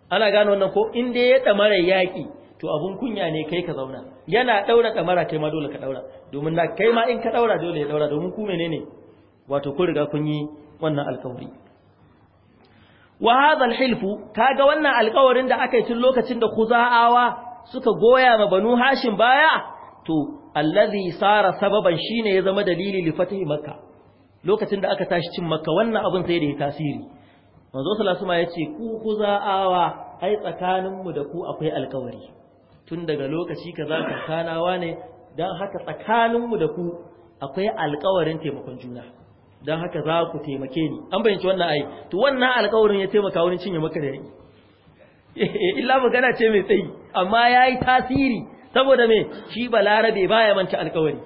ana gano wannan ko in dai ya tamara yaƙi to abun kunya ne kai ka zauna yana daura kamara kai ma dole ka daura domin na kai ma in ka daura dole ya daura domin ku menene wato kun riga kun yi wannan alƙawari wa hadha alhilfu kaga wannan alƙawarin da aka yi tun lokacin da khuza'awa suka goya ma banu hashim baya to allazi sara sababan shine ya zama dalili li fatihi makka lokacin da aka tashi cin makka wannan abun sai da ya tasiri manzo sallallahu alaihi wasallam yace ku kuzaawa ai tsakaninmu da ku akwai alkawari tun daga lokaci kaza tsakanawa ne don haka tsakaninmu da ku akwai alkawarin taimakon juna don haka za ku taimake ni an bayyance wannan ai to wannan alkawarin ya taimaka wurin cinye maka da yayi illa magana ce mai tsayi amma ya yi tasiri saboda me shi balarabe baya manta alkawari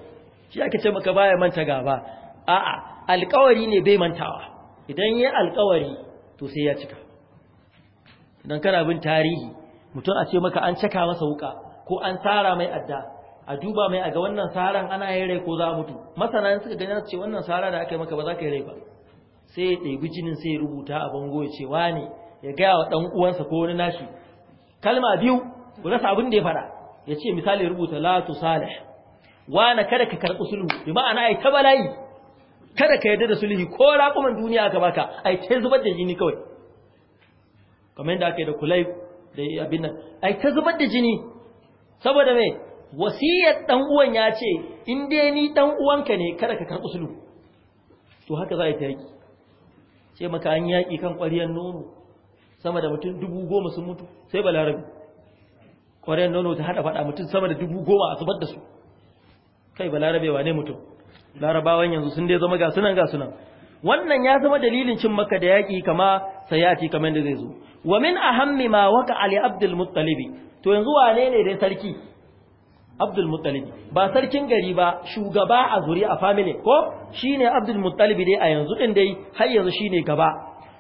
shi ake ce maka baya manta gaba a'a alkawari ne bai mantawa idan yayi alkawari to sai ya cika dan kana bin tarihi mutum a ce maka an caka masa wuka ko an tsara mai adda a duba mai a ga wannan tsaran ana yi rai ko za a mutu masana suka gani ce wannan tsara da aka yi maka ba za ka yi rai ba sai ya jinin sai rubuta a bango ya ce ne ya gaya wa ɗan uwansa ko wani nashi kalma biyu ku rasa da ya faɗa ya ce misali rubuta la tu salih wane kada ka karɓi sulhu bi ma'ana ai ta bala'i kada ka yarda da sulhu, ko raƙuman duniya aka baka ai ta zubar da jini kawai kamar yadda aka yi da kulai da abin nan ai ta zubar da jini saboda me wasiyar dan uwan ya ce in dai ni dan uwanka ne kada ka karɓi sulu to haka za ta yaki ce maka an yaki kan ƙwariyar nono sama da mutum dubu goma sun mutu sai balarabi ƙwariyar nono ta haɗa faɗa mutum sama da dubu goma a zubar da su kai balarabe wa ne mutum larabawan yanzu sun dai zama ga sunan ga sunan wannan ya zama dalilin cin maka da yaƙi kama sayati kamar da zai zo wa min ahammi ma waka ali abdul muttalibi to yanzu wane ne dai sarki abdul muttalibi ba sarkin gari ba shugaba a zuri a family ko shine abdul muttalibi dai a yanzu din dai har yanzu shine gaba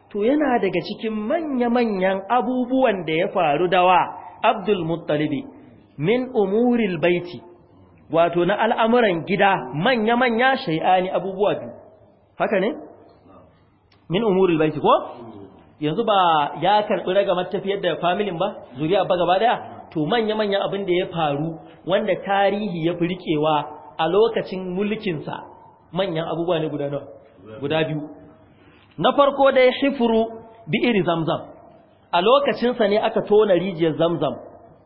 to yana daga cikin manya-manyan abubuwan da ya faru dawa abdul muttalibi min umuril baiti wato na al'amuran gida manya-manya shay'ani abubuwa biyu haka ne min umuril baiti ko yanzu ba ya karɓi ragamar tafiyar da familin ba zuriya ba gaba daya to manya-manya abin da ya faru wanda tarihi ya fi rikewa a lokacin mulkinsa manyan abubuwa ne guda nawa guda biyu na farko da dai hifru bi'iri zamzam a lokacinsa ne aka tona rijiyar zamzam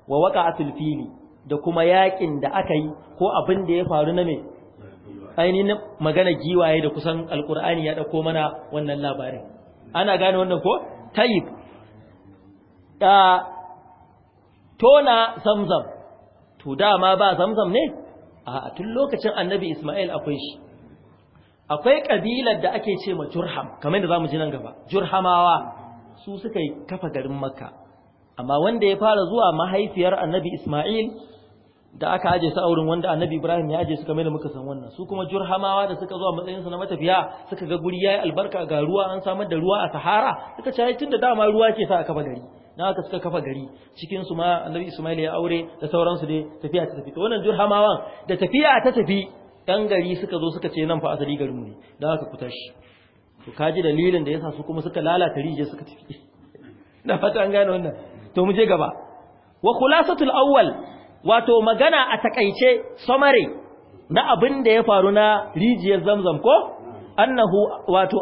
wa waka filfili da kuma yakin da aka yi ko abin da ya faru na mai ainihin magana giwaye da kusan alkur'ani ya ɗauko mana wannan labarin ana gane wannan ko Tayib da tona zamzam to dama ba zamzam ne a tun lokacin annabi Ismail akwai shi akwai kabilar da ake ce ma Jurham kamar da zamu ji nan gaba Jurhamawa su suka kafa garin Makka amma wanda ya fara zuwa mahaifiyar annabi Ismail da aka aje su a wurin wanda annabi Ibrahim ya aje su kamar da muka san wannan su kuma jurhamawa da suka zo a matsayin su na matafiya suka ga guri yayi albarka ga ruwa an samar da ruwa a Sahara suka ce tunda dama ruwa ke sa aka gari na aka suka kafa gari cikin su ma annabi Ismail ya aure da sauransu dai tafiya ta tafi to wannan jurhamawan da tafiya ta tafi dan gari suka zo suka ce nan fa asali garin mu ne dan aka ku tashi to kaji dalilin da yasa su kuma suka lalata rije suka tafi na fata an gane wannan to mu je gaba wa khulasatul awwal wato magana a takaice summary na abin da ya faru na rijiyar zamzam ko annahu wato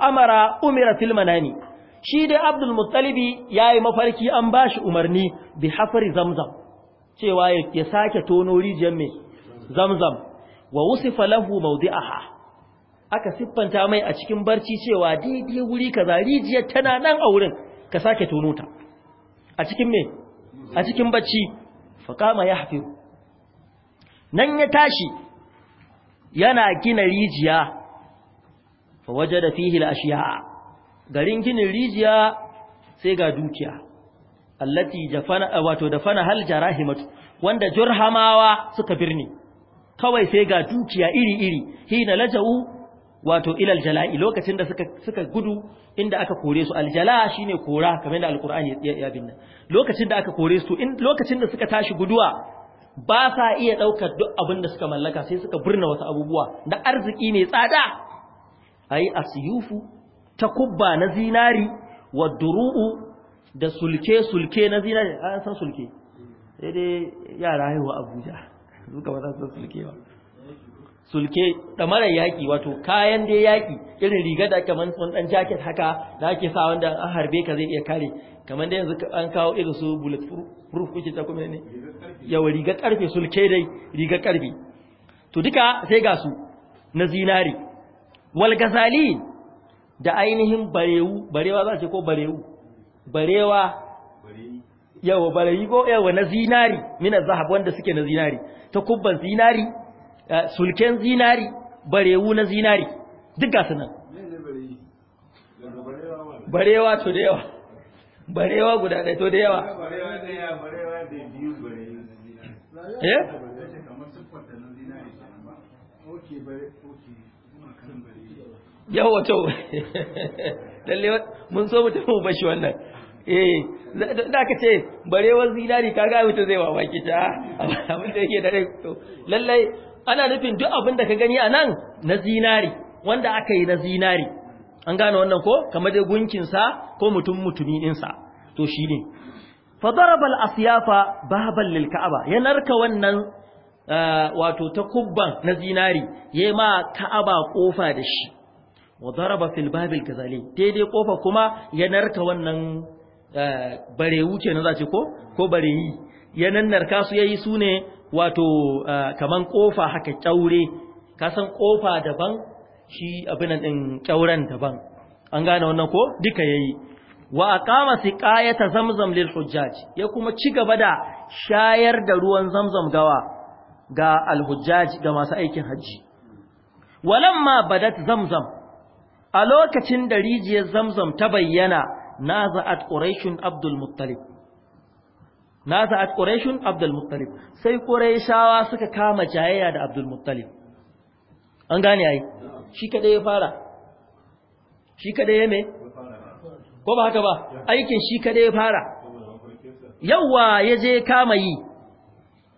amara umira fil manani shi dai abdul muttalibi yayi mafarki an bashi umarni bi hafri zamzam cewa ya sake tono rijiyar mai zamzam wa wusifa lahu mawdi'aha aka siffanta mai a cikin barci cewa daidai wuri kaza rijiyar tana nan a wurin ka sake tono ta a cikin mai a cikin bacci faƙama ya hafi nan ya tashi yana gina rijiya fa waje da shi ashiya garin ginin rijiya sai ga dukiya allati da fana dafana hal wanda jurhamawa suka birni kawai sai ga dukiya iri iri hina lajau wato ilal jala'i lokacin da suka gudu inda aka kore su aljala shine kora kamar da alqur'ani ya ya binna lokacin da aka kore su in lokacin da suka tashi guduwa ba sa iya daukar duk abin da suka mallaka sai suka burna wasu abubuwa da arziki ne tsada ayi ta kubba na zinari wa duru'u da sulke sulke na zinari an san sulke sai dai yara haihuwa abuja suka ba san sulke ba sulke mara yaƙi wato kayan dai yaƙi irin riga da kamar sun ɗan jacket haka da ake sa wanda an harbe ka zai iya kare kamar da yanzu an kawo irin su bullet proof kuke ta kuma ne yawa riga ƙarfe sulke dai riga ƙarfe to duka sai ga su na zinari wal gazali da ainihin barewu barewa za ce ko barewu barewa yawa bareyi ko yawa na zinari mina zahab wanda suke na zinari ta kubban zinari Eh, sulken zinari barewu na zinari duk su nan barewa to da yawa barewa guda ɗaya to da yawa eh yawa to lalle mun so mutum mu bashi wannan eh da ka ce barewar zinari kaga mutum zai wawaki ta abin da yake da rai lallai ana nufin duk abin da ka gani a nan na zinari wanda aka yi na zinari an gane wannan ko kamar dai gunkinsa ko mutum mutumi ɗinsa to shi ne fadarabal asiyafa babal lilka'aba ya narka wannan eh, wato ta kubban na zinari yayi ma ka'aba ƙofa da shi wa daraba fil babil daidai kofa kuma ya narka wannan eh, barewu ce na zace ko ko bareyi ya nannarka su su sune wato kaman kofa haka kyaure ka san kofa daban shi abinan din kyauren daban an gane wannan ko duka yayi wa aqama siqayata zamzam lil hujjaj ya kuma ci gaba da shayar da ruwan zamzam gawa ga al hujjaj ga masu aikin haji walamma badat zamzam a lokacin da rijiyar zamzam ta bayyana naza'at quraishun abdul muttalib naza'at quraishun abdul muttalib sai quraishawa suka kama jayayya da abdul muttalib an gane ai shi kada ya fara shi kada ya me ko ba haka ba aikin shi kada ya fara yawa ya je kama yi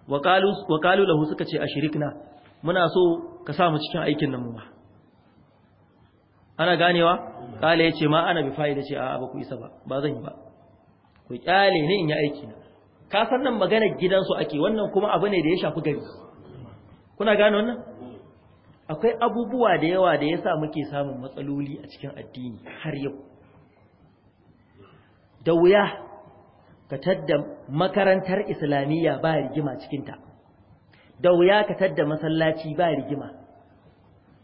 wa kalu lahu suka ce ashirikna muna so ka samu cikin aikin nan ba ana ganewa kala yace ma ana bi fa'ida ce a ba ku isa ba ba zan yi ba ku kyale ne in yi aiki na ka san nan maganar gidansu ake wannan kuma abu ne da ya shafi gari kuna gano wannan akwai abubuwa da yawa da yasa muke samun matsaloli a cikin addini har yau da wuya ka tadda makarantar islamiyya ba rigima cikinta da wuya ka tadda masallaci ba rigima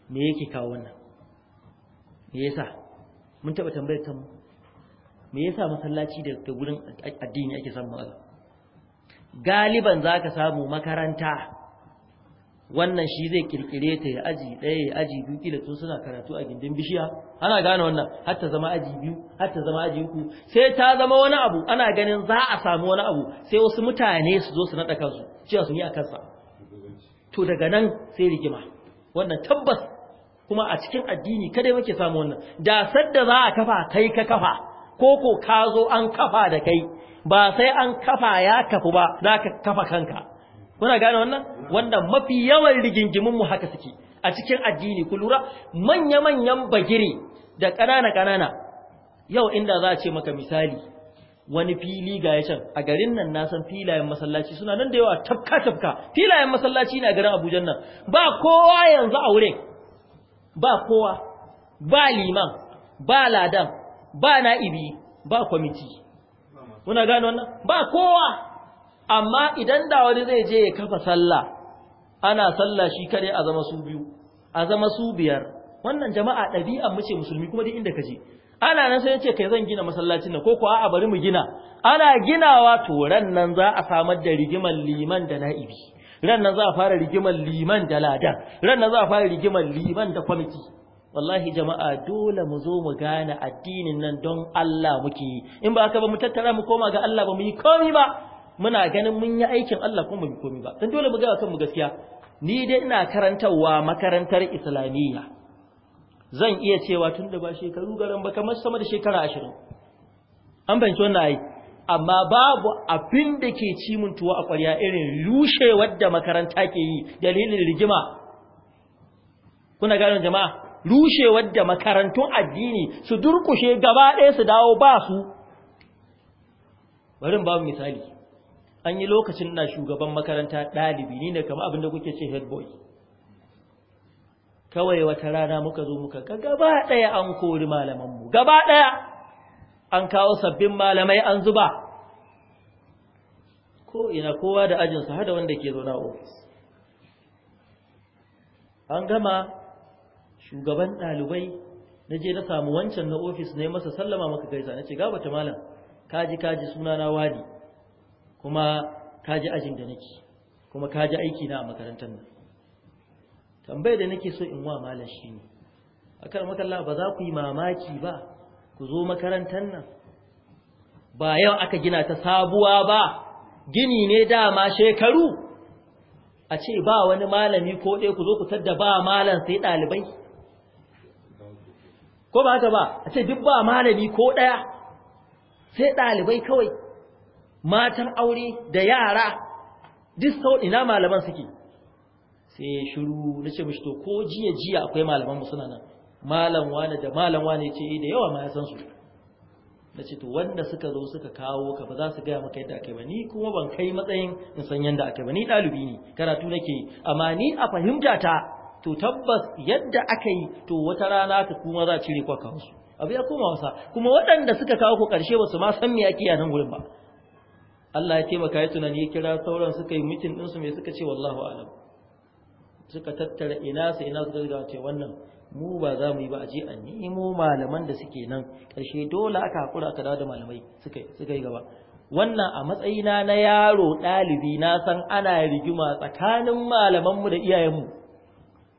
me yake kawo wannan me yasa mun taɓa tambayar mu. me yasa masallaci da gurin addini ake samun matsaloli galiban za ka samu makaranta wannan shi zai kirkire ta ya aji ɗaya ya aji biyu kila tun suna karatu a gindin bishiya ana gane wannan har ta zama aji biyu har ta zama aji uku sai ta zama wani abu ana ganin za a samu wani abu sai wasu mutane su zo su naɗa kansu cewa sun yi a kansa to daga nan sai rigima wannan tabbas kuma a cikin addini kada muke samu wannan da sadda za a kafa kai ka kafa ko ko ka zo an kafa da kai ba sai an kafa ya kafu ba za ka kafa kanka kuna gane wannan wanda mafi yawan rigingimin mu haka suke a cikin addini ku lura manya-manyan bagire da ƙanana-ƙanana yau inda za a ce maka misali wani fili ga ya a garin nan na san filayen masallaci suna nan da yawa tafka-tafka filayen masallaci na garin Abuja nan ba kowa yanzu a wurin ba kowa ba liman ba ladan ba na'ibi ba kwamiti kuna gano wannan ba kowa amma idan da wani zai je ya kafa sallah ana sallah shi kare a zama su biyu a zama su biyar wannan jama'a ɗabi'an mu musulmi kuma duk inda kaje ana nan sai yace kai zan gina masallacin nan ko kuwa? a bari mu gina ana ginawa to ran nan za a samar da rigimar liman da na'ibi ran nan za a fara rigimar liman da ladan ran nan za a fara rigimar liman da kwamiti wallahi jama'a dole mu zo mu gane addinin nan don Allah muke yi in ba ka ba mu tattara mu koma ga Allah ba mu yi komi ba muna ganin mun yi aikin Allah kuma mu yi komi ba dan dole mu ga mu gaskiya ni dai ina karantarwa makarantar islamiyya zan iya cewa tun da ba shekaru garan ba kamar sama da shekara 20 an banci wannan ai amma babu abin da ke ci mun tuwa a ƙwarya irin rushe wadda makaranta ke yi dalilin rigima kuna gano jama'a rushewar da makarantun addini su durkushe gaba ɗaya su dawo ba su barin babu misali an yi lokacin na shugaban makaranta ɗalibi ni ne kama abinda kuke ce head boy kawai wata rana muka zo muka ga gaba ɗaya an kori malamanmu gaba ɗaya an kawo sabbin malamai an zuba ko ina kowa da ajinsa hada wanda ke zo na ofis an gama shugaban ɗalibai na je na samu wancan na ofis ne masa sallama maka gaisa na ce gabata malam kaji kaji suna na wadi kuma kaji ajin da nake kuma kaji aiki na a makarantar nan tambayar da nake so in wa malam shi ne akan makalla ba za ku yi mamaki ba ku zo makarantar nan ba yau aka gina ta sabuwa ba gini ne dama shekaru a ce ba wani malami ko ɗaya ku zo ku tadda ba malam sai ɗalibai ko ba haka ba a ce duk ba malami ko ɗaya sai ɗalibai kawai matan aure da yara duk sau ina malaman suke sai shiru na ce to ko jiya jiya akwai malaman mu suna nan malam wane da malam wane ce eh, da yawa ma ya san su na ce to wanda suka zo suka kawo ka ba za su gaya maka yadda aka ba ni kuma ban kai matsayin in san yadda aka ba ni ɗalibi ne karatu nake amma ni a fahimta ta to tabbas yadda aka yi to wata rana ka kuma za cire kwa kansu abu ya koma wasa kuma waɗanda suka kawo ku ƙarshe ba su ma san me ake yanan gurin ba Allah ya taimaka ya tunani ya kira sauran suka yi mutum ɗinsu mai suka ce wallahu alam suka tattara ina sai ina suka ga ce wannan mu ba za mu yi ba a je a nemo malaman da suke nan ƙarshe dole aka haƙura aka dawo da malamai suka yi gaba wannan a matsayina na yaro ɗalibi na san ana rigima tsakanin malamanmu da iyayenmu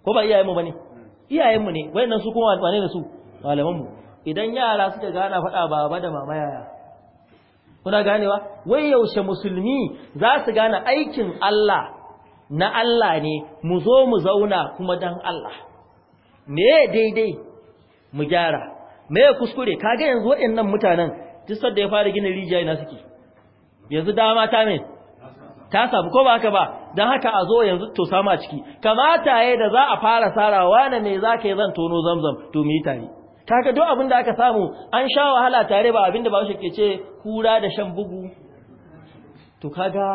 ko ba iyayenmu bane hmm. iyayenmu ne wayannan su kuma wani ne su malamanmu idan yara suka gana faɗa baba da mama yaya kuna ganewa wai yaushe musulmi za su gane aikin Allah na Allah ne mu zo mu zauna kuma dan Allah me daidai mu gyara me kuskure kaga yanzu waɗannan mutanen duk da ya fara gina rijiya ina suke yanzu dama ta me ta samu ko ba haka ba dan haka a zo yanzu to sama ciki kamata yayin da za a fara sarawa na ne za ka yi zan tono zamzam to mu yi tare kaga duk abin da aka samu an sha wahala tare ba abin da ba shi ke ce kura da shan bugu to kaga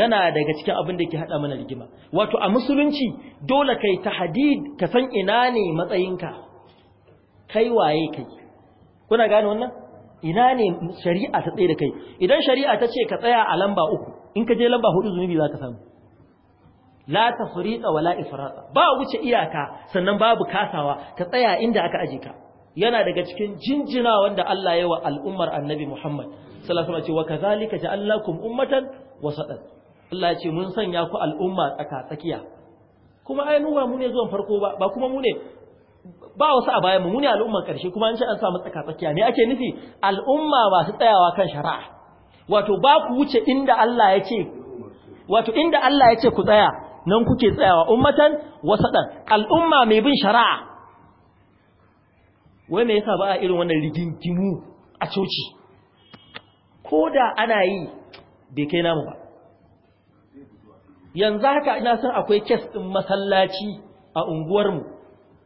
yana daga cikin abin da ke hada mana rigima wato a musulunci dole kai tahdid ka san ina ne matsayinka kai waye kai kuna gane wannan ina ne shari'a ta tsaye da kai idan shari'a ta ce ka tsaya a lamba uku in ka je lamba hudu zunubi za ka samu la tafriqa wala ifraqa ba wuce iyaka sannan babu kasawa ka tsaya inda aka aje ka yana daga cikin jinjina wanda Allah ya wa al'ummar annabi Muhammad sallallahu alaihi wa kazalika ja'alnakum ummatan wasu ɗan. Allah ce mun sanya ku al'umma tsaka tsakiya kuma ai nuwa mu ne zuwan farko ba ba kuma mu ne ba wasu a bayan mu mu ne al'umman ƙarshe kuma an ce an samu tsaka tsakiya ne ake nufi al'umma masu tsayawa kan shari'a wato ba ku wuce inda Allah ya ce wato inda Allah ya ce ku tsaya nan kuke tsayawa ummatan wasadan al'umma mai bin shari'a wai me yasa ba a irin wannan rigingimu a coci ko da ana yi bai kai namu ba yanzu haka ina san akwai kes ɗin masallaci a unguwarmu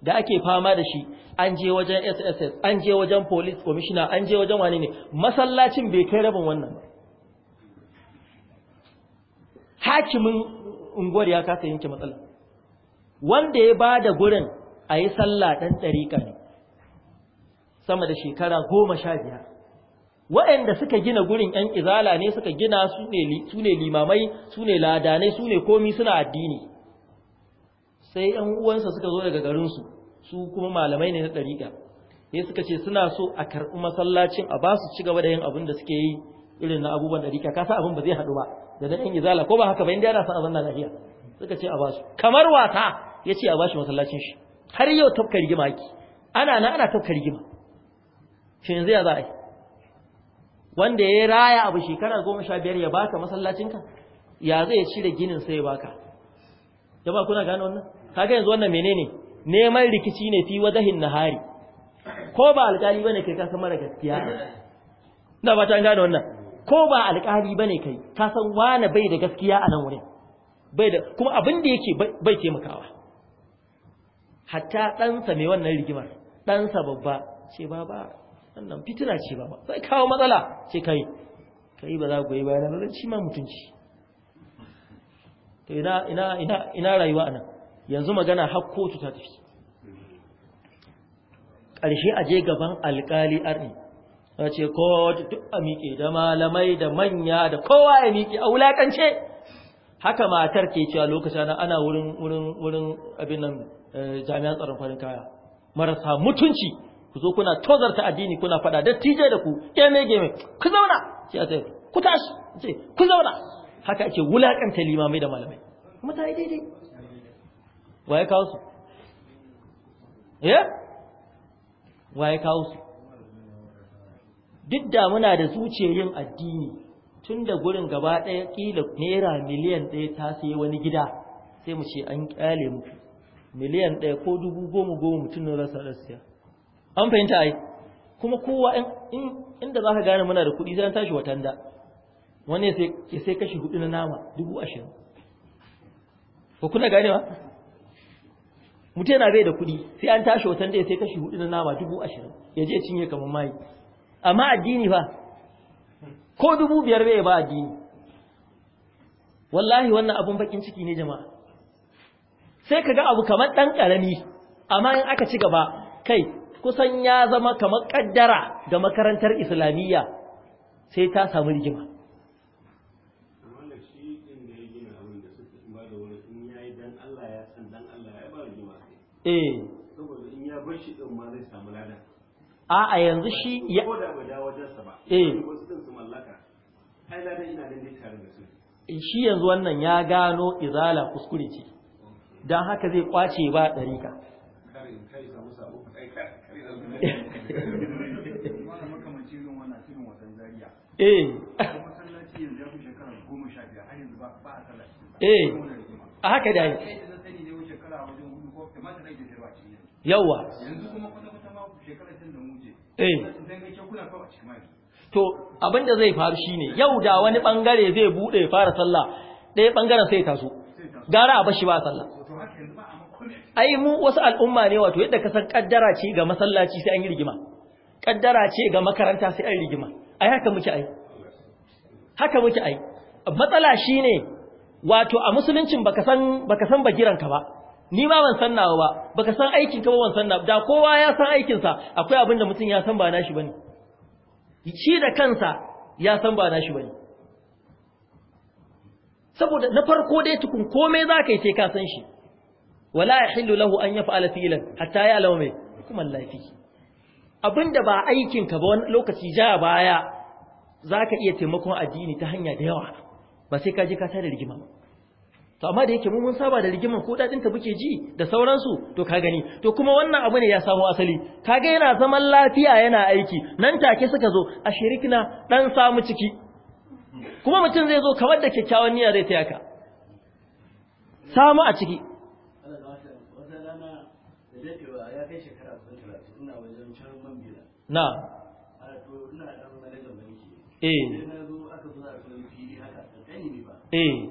da ake fama da shi an je wajen sss an je wajen police commissioner an je wajen wani ne masallacin bai kai rabin wannan ba hakimin unguwar ya kasa yanke matsala wanda ya ba da gurin a yi sallah ɗan ɗariƙa ne sama da shekara goma sha biyar waɗanda suka gina gurin ‘yan izala ne suka gina su ne limamai su ne ladanai su ne komi suna addini sai ‘yan uwansa suka zo daga garinsu su kuma malamai ne na ɗariƙa ya suka ce suna so a karɓi masallacin a ba su ci gaba da yin abin da suke yi irin na abubuwan ɗarika ka sa abin ba zai haɗu ba da na ɗin izala ko ba haka ba inda yana son azan na lafiya suka ce a basu kamar wata ya ce a bashi masallacin shi har yau tafka rigima ake ana na ana tafka rigima shi yanzu ya za a yi wanda ya raya abu shekara goma sha biyar ya baka masallacinka ya zai da ginin sai ya baka jama'a kuna gano wannan kaga yanzu wannan menene neman rikici ne fi wadahin nahari ko ba alƙali bane kai ka san mara gaskiya na ba ta gano wannan ko ba alƙali bane kai ka san wane bai da gaskiya a nan wurin bai da kuma abin da yake bai taimakawa hatta ɗansa mai wannan rigimar ɗansa babba ce baba wannan fitina ce baba sai kawo matsala ce kai kai ba za ku yi bayan ranar shi ma mutunci to ina ina ina ina rayuwa anan yanzu magana har kotu ta tafi ƙarshe aje gaban alƙali arni ta ce ko duk a miƙe da malamai da manya da kowa ya miƙe a wulaƙance haka matar ke cewa lokacin ana wurin wurin wurin abin nan eh, jami'an tsaron farin kaya marasa mutunci ku zo kuna tozarta addini kuna faɗa da tije da ku geme geme ku zauna ce a tsaye ku tashi ce ku zauna haka ake wulaƙanta limamai da malamai mutane daidai waye kawo su eh waye kawo su duk da muna da zuciyar yin addini tun da gurin gaba ɗaya ƙila naira miliyan ɗaya ta sai wani gida sai mu ce an ƙyale muku miliyan ɗaya ko dubu goma goma mutum na rasa rasiya an fahimta ai kuma kowa inda za ka gane muna da kuɗi zan tashi watan da wani ya sai kashi hudu na nama dubu ashirin ko kuna ganewa mutum yana bai da kuɗi sai an tashi watan da ya sai kashi hudu na nama dubu ashirin ya je cinye kamar mai amma addini ba, ko dubu biyar bai ba addini wallahi wannan abun bakin ciki ne jama'a sai ga abu kamar ɗan karami amma in aka ci gaba kai kusan ya zama kamar kaddara da makarantar islamiyya sai ta samu rigima eh a a yanzu shi ya eh. eh, shi yanzu wannan ya gano izala kuskure ce don haka zai kwace ba ka eh, eh. a haka da yi yawa yanzu kuma eh to abin da zai faru shine yau da wani bangare zai bude fara sallah ɗaya bangaren sai taso gara a bashi ba sallah ai mu wasu al'umma ne wato yadda kasan kaddara ce ga masallaci sai an yi rigima kaddara ce ga makaranta sai an yi rigima ai haka muke ai haka muke ai matsala shine wato a musuluncin baka san baka san bagiranka ba ni ma ban san nawa ba baka san aikin ka ba ban san nawa da kowa ya san aikin sa akwai abin da mutum ya san ba nashi bane shi da kansa ya san ba nashi bane saboda na farko dai tukun komai zaka yi sai ka san shi wala yahillu lahu an yaf'ala filan hatta ya alama mai kuma lafi abinda ba aikin ka ba wani lokaci ja baya zaka iya taimakon addini ta hanya da yawa ba sai ka je ka tada rigima ba to amma da yake mu mun saba da rigiman ko dadin ta muke ji da sauransu to ka gani to kuma wannan abu ne ya samo asali kaga yana zaman lafiya yana aiki nan take suka zo a shirikina dan samu ciki kuma mutum zai zo kawar da kyakkyawan niyya zai taya samu a ciki na eh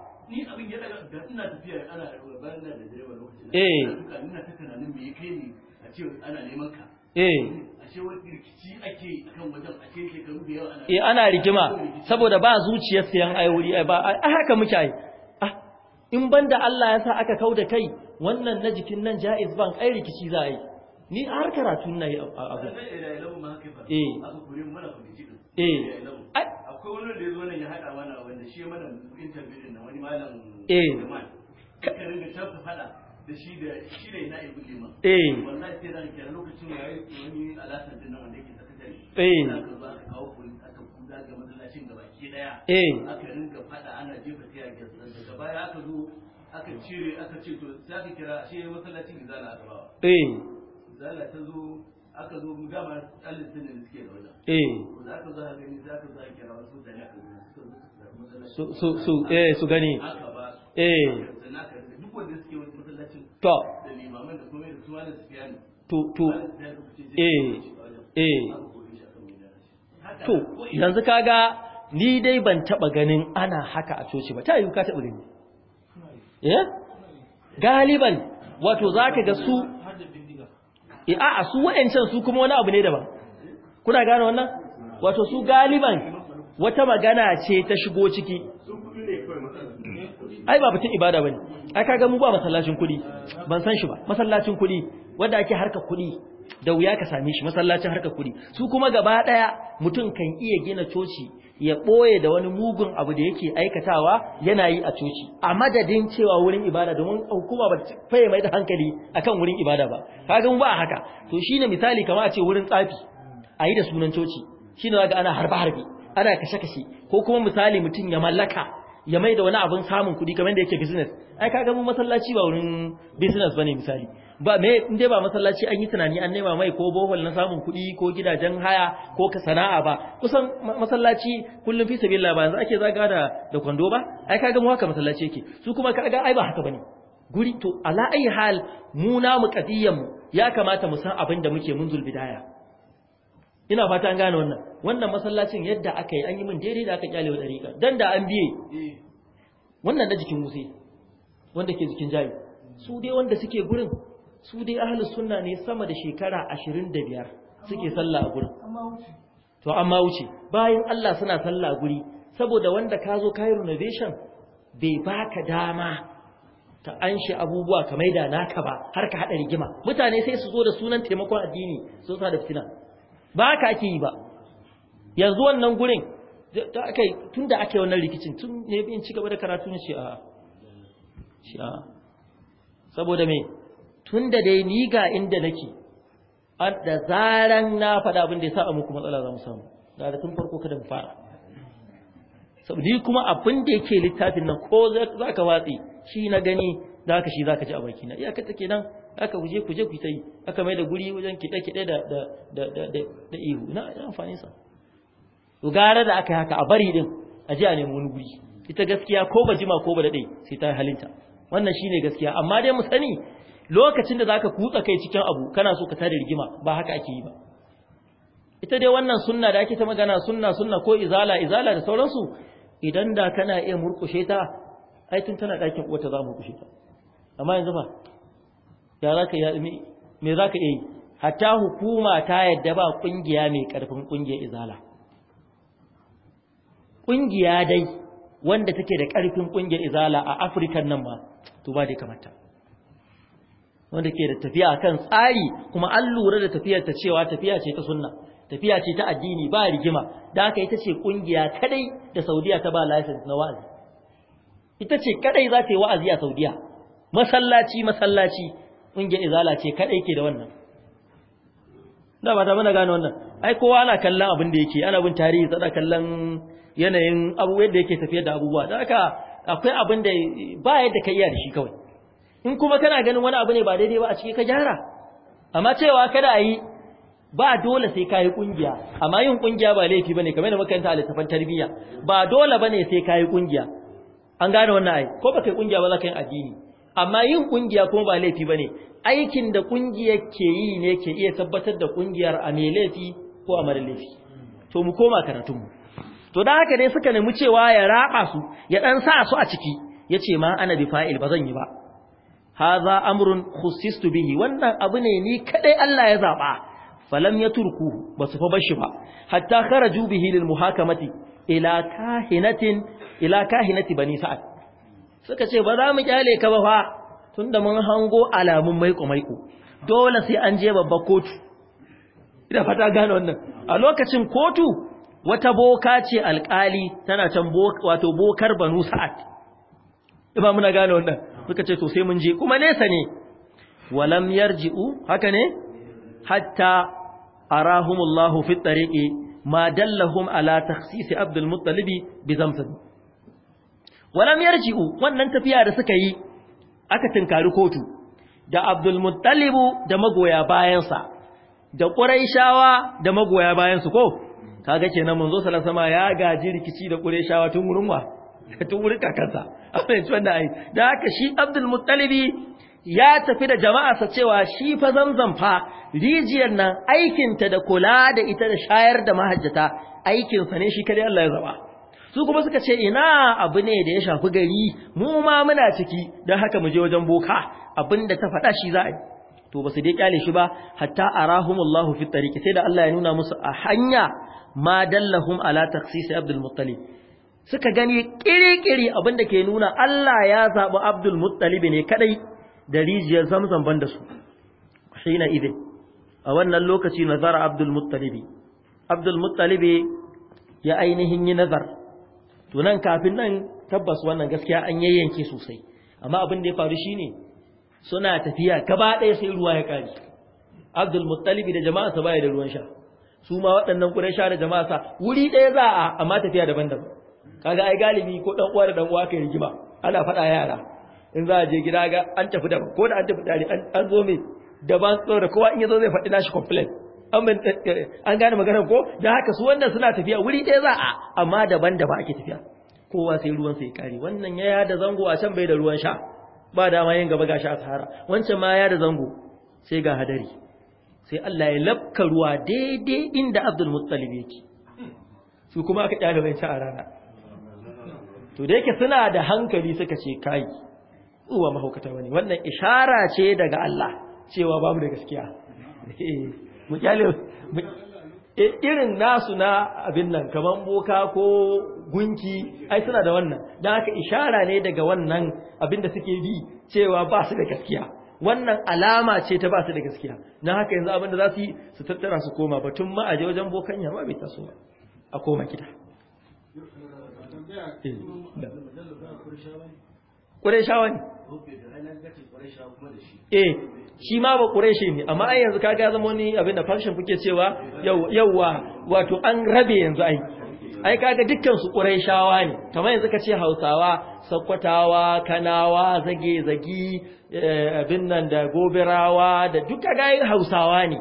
ni abin ya ana da eh, rigima saboda ba zuciyar sayan ai ba ai haka muke ai ah, in banda Allah ya sa aka kauda kai wannan na jikin nan Jaiz ban ai rikici za yi ni har karatu nayi abu eh eh akwai wani da ya zo nan ya haɗa mana wanda shi mana interview din wani malam eh ka ringa tafi faɗa da shi da shi ne ina ibu liman eh wallahi sai zan kira lokacin da yayi wani alasan din nan wanda yake sakatare eh aka ka ba ka kawo kuli aka kuda ga masallacin gaba ki daya eh aka ringa faɗa ana jefa tiya ga daga baya aka zo aka cire aka ce to sai ka kira shi masallacin izala a ba eh izala ta zo aka zo mu dama ɗalibin da suke da wannan eh za ka zo a gani za ka zo a kira wasu da gani. su su su eh su gani eh duk wanda suke wani masallacin to da limaman da kuma da su wani su fiya to to eh eh to yanzu ka ga ni dai ban taɓa ganin ana haka a coci ba ta yi ka taɓa gani eh galiban wato ka ga su e eh, a su wa'ancan su kuma wani abu ne daban kuna gane wannan wato su galiban wata magana ce ta shigo ciki ai ba batun ibada bane ai kaga mu ba masallacin kudi ban san shi ba masallacin kudi wanda ake harka kudi da wuya ka same shi masallacin harka kudi su kuma gaba daya mutum kan iya gina coci ya ɓoye da wani mugun abu da yake aikatawa yana yi a coci a madadin cewa wurin ibada domin hukuma ba ta faye mai da hankali akan wurin ibada ba kagan ba haka to shine misali kama a ce wurin tsafi a yi da sunan coci shine ga ana harbe harbe ana kashe kashe ko kuma misali mutum ya mallaka ya mai da wani abin samun kuɗi kamar da yake business ai kaga mu masallaci ba wurin business bane misali ba me in dai ba masallaci an yi tunani an nema mai ko bohol na samun kuɗi ko gidajen haya ko ka sana'a ba kusan masallaci kullum fi sabilillah ba yanzu ake zaga da da kwando ba ai kaga mu haka masallaci yake su kuma ga, ai ba haka bane guri to ala ayi hal mu na mu ya kamata mu san abin da muke munzul bidaya ina fata an gane wannan wannan masallacin yadda aka yi an yi min daidai da aka kyale wa dariƙa dan da an biye wannan da jikin musai wanda ke jikin jami su dai wanda suke gurin su dai ahlus sunna ne sama da shekara 25 suke sallah a gurin to amma wuce bayan Allah suna sallah guri saboda wanda ka zo kai renovation bai baka dama ka anshi abubuwa ka da naka ba har ka hada rigima mutane sai su zo da sunan taimakon addini su sa da fitina ba haka ake yi ba yanzu wannan gurin tun da aka yi wannan rikicin tun ne bin ci gaba da karatu ne ce a saboda me tun da dai ni ga inda nake da zaran na faɗa abin da ya sa muku matsala za mu samu da da tun farko kada mu fara saboda ni kuma abin da yake littafin nan ko za ka watsi shi na gani za ka shi za ka ji a baki na iyaka ke nan aka kuje kuje ku yi aka mai da guri wajen kiɗe kiɗe da da da da ihu na amfani sa to gara da aka yi haka a bari din a je a nemi wani guri ita gaskiya ko ba jima ko ba dade sai ta halinta wannan shine gaskiya amma dai mu sani lokacin da zaka kutsa kai cikin abu kana so ka tada rigima ba haka ake yi ba ita dai wannan sunna da ake ta magana sunna sunna ko izala izala da sauransu idan da kana iya murkushe ta ai tun tana dakin uwata za mu kushe ta amma yanzu ba ya za ka yi me za ka yi hatta hukuma ta yadda ba ƙungiya mai ƙarfin ƙungiyar izala ƙungiya dai wanda take da ƙarfin ƙungiyar izala a afirka nan ba to ba dai kamata wanda ke da tafiya kan tsari kuma an lura da tafiyar ta cewa tafiya ce ta sunna tafiya ce ta addini ba rigima da haka ita ce ƙungiya kadai da saudiya ta ba license na wa'azi ita ce kadai za ta yi wa'azi a saudiya masallaci masallaci ƙungiyar izala ce kaɗai ke da wannan da ba ta mana gane wannan ai kowa ana kallon abin da yake ana bin tarihi tsada kallon yanayin abubuwa da yake tafiyar da abubuwa da haka akwai abin da ba yadda ka iya da shi kawai in kuma kana ganin wani abu ne ba daidai ba a ciki ka gyara amma cewa kada a yi ba dole sai yi kungiya amma yin kungiya ba laifi bane kamar da makaranta a littafin tarbiyya ba dole bane sai yi kungiya an gane wannan ai ko baka yi kungiya ba za ka yi addini amma yin kungiya kuma ba laifi bane aikin da kungiyar ke yi ne ke iya tabbatar da kungiyar a mai laifi ko a mara laifi to mu koma karatun mu to dan haka dai suka nemi cewa ya raba su ya dan sa su a ciki yace ma ana bi fa'il zan yi ba hadha amrun khusistu bihi wannan abu ne ni kadai Allah ya zaba falam yaturku su fa bashi ba hatta kharaju bihi lil muhakamati ila kahinatin ila kahinati bani sa'ad suka ce ba za mu kyale ka ba fa tunda mun hango alamun maiko maiko dole sai an je babba kotu ina fata gane wannan a lokacin kotu wata boka ce alkali tana can wato bokar banu sa'ad ba muna gane wannan suka ce to sai mun je kuma nesa ne walam yarji'u haka ne hatta arahumullahu fi tariqi ma dallahum ala takhsis abdul muttalib bi walam yarji'u wannan tafiya da suka yi aka tinkari kotu da Abdul Muttalib da magoya bayansa da Quraishawa da magoya bayansu ko kaga kenan manzo sallallahu alaihi wasallam ya gaji rikici da Quraishawa tun gurin wa tun wurin kakansa amma shi wanda ai da haka shi Abdul Muttalib ya tafi da jama'arsa cewa shi fa zamzam fa rijiyar nan aikinta da kula da ita da shayar da mahajjata aikinsa ne shi kare Allah ya zaba su kuma suka ce ina abu ne da ya shafi gari mu ma muna ciki don haka mu je wajen boka abinda ta faɗa shi za a yi to ba su dai kyale shi ba hatta arahumullahu fi tariqi sai da Allah ya nuna musu a hanya ma dallahum ala taqsis Abdul Muttalib suka gani kirikiri da ke nuna Allah ya zabi Abdul Muttalib ne kadai da rijiyar Zamzam banda su shine idin a wannan lokaci nazara Abdul Muttalib Abdul Muttalib ya ainihin yi nazar to nan kafin nan tabbas wannan gaskiya an yayyanke sosai amma abin da ya faru shine suna tafiya gaba ɗaya sai ruwa ya kare Abdul Muttalib da jama'a sa baya da ruwan sha su ma waɗannan Quraysha da jama'a sa wuri ɗaya za a amma tafiya daban-daban kaga ai galibi ko dan uwa da dan uwa kai rigima ana faɗa yara in za a je gida ga an tafi daban ko da an tafi dare an zo me daban da kowa in ya zo zai faɗi nashi complaint Eh, eh, an gane maganar ko da haka su wannan suna tafiya wuri ɗaya za a amma daban-daban ake tafiya kowa sai ruwan sai kare wannan ya da zango a can bai da ruwan sha ba dama yin gaba gashi a sahara wancan ma ya da zango sai ga hadari sai Allah ya labka ruwa daidai inda Abdul Muttalib yake su kuma aka kyale wancan a rana to da yake suna da hankali suka ce kai uwa mahaukata wani wannan ishara ce daga Allah cewa babu da gaskiya eh. mu kyale eh, irin nasu na abin nan kaman boka ko gunki ai suna da wannan don haka ishara ne daga wannan abin da suke bi cewa ba su da gaskiya wannan alama ce ta ba su da gaskiya don haka yanzu abin da za su yi su tattara su koma batun ma a je wajen bokan ma bai taso ba a koma gida eh, ƙureshawa ne? Eh, shi ma ba ƙureshi ne amma ai yanzu kaga ga zama wani abin da fashin kuke cewa yauwa wato an rabe yanzu ai ai kaga dukkan su ƙureshawa ne kamar yanzu ka ce hausawa sakkwatawa kanawa zage zagi eh, abin nan da gobirawa da duk hausawa ne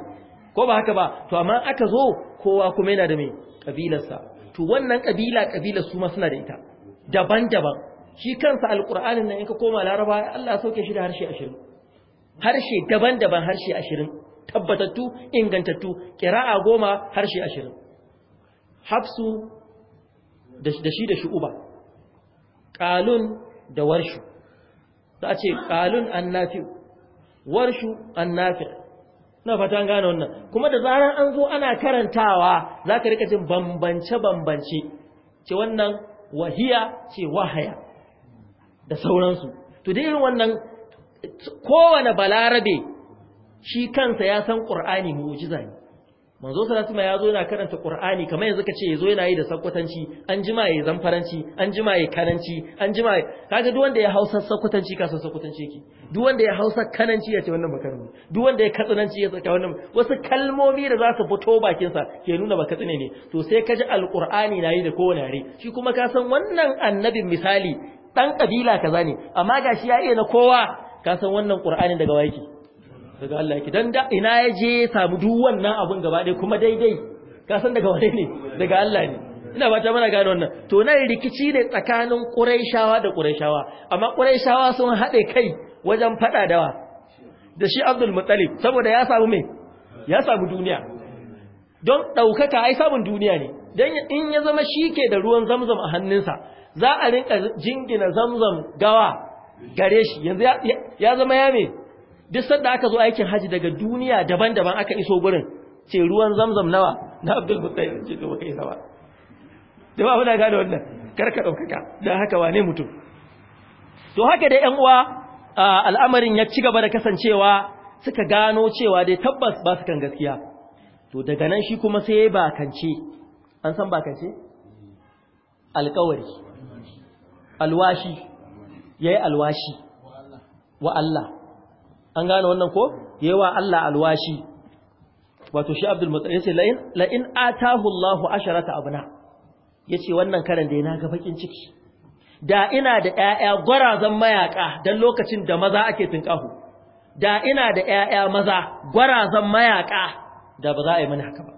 ko ba haka ba to amma aka zo kowa kuma yana da mai kabilarsa to wannan kabila kabilar su ma suna da ita daban-daban shi kansa alƙur'anin nan in ka koma laraba Allah ya sauke shi da harshe ashirin harshe daban-daban harshe ashirin tabbatattu ingantattu kira'a goma harshe ashirin hafsu da shi da shu'uba ƙalun da warshu za a ce ƙalun an nafi warshu an nafi na fatan gane wannan kuma da zarar an zo ana karantawa za ka rika jin bambance-bambance ce wannan wahiya ce wahaya da sauransu to dai wannan kowane balarabe shi kansa ya san ƙur'ani mu'ujiza ne manzo salatuma ya zo yana karanta ƙur'ani kamar yanzu ka ce ya zo yana yi da sakwatanci an jima ya yi zamfaranci an jima ya kananci an jima ya kaga duk wanda ya hausa sakwatanci ka san sakwatanci yake duk wanda ya hausa kananci ya ce wannan bakarmi duk wanda ya katsinanci ya tsaka wannan wasu kalmomi da za su fito bakin sa ke nuna ba tsine ne to sai ka ji alƙur'ani na yi da kowane yare shi kuma ka san wannan annabin misali dan kabila kaza ne amma gashi ya iya na kowa ka san wannan qur'anin daga waye daga Allah yake dan da ina ya je samu duk wannan abun gaba dai kuma daidai ka san daga waye ne daga Allah ne ina ba ta mana gane wannan to nan rikici ne tsakanin quraishawa da quraishawa amma quraishawa sun haɗe kai wajen fada dawa da shi Abdul Muttalib saboda ya samu me ya samu duniya don daukaka ai samun duniya ne dan in ya zama shike da ruwan zamzam a hannunsa za a rinka jingina zamzam gawa gare shi yanzu ya zama ya duk sanda aka zo aikin haji daga duniya daban-daban aka iso gurin ce ruwan zamzam nawa na abdul mutane ce to kai nawa da ba muna gane wannan karka ɗaukaka don haka wane mutum to haka dai 'yan uwa al'amarin ya ci gaba da kasancewa suka gano cewa dai tabbas ba su kan gaskiya to daga nan shi kuma sai ba kance an san ba kance alƙawari alwashi yayi alwashi wa Allah an gane wannan ko yayi wa Allah alwashi wato shi Abdul Muttalib yace la in la in atahu Allahu asharata abna yace wannan karan da yana ga bakin ciki da ina da ƴaƴa gwarazan mayaka dan lokacin da maza ake tinkahu da ina da ƴaƴa maza gwarazan mayaka da ba za a yi mani haka ba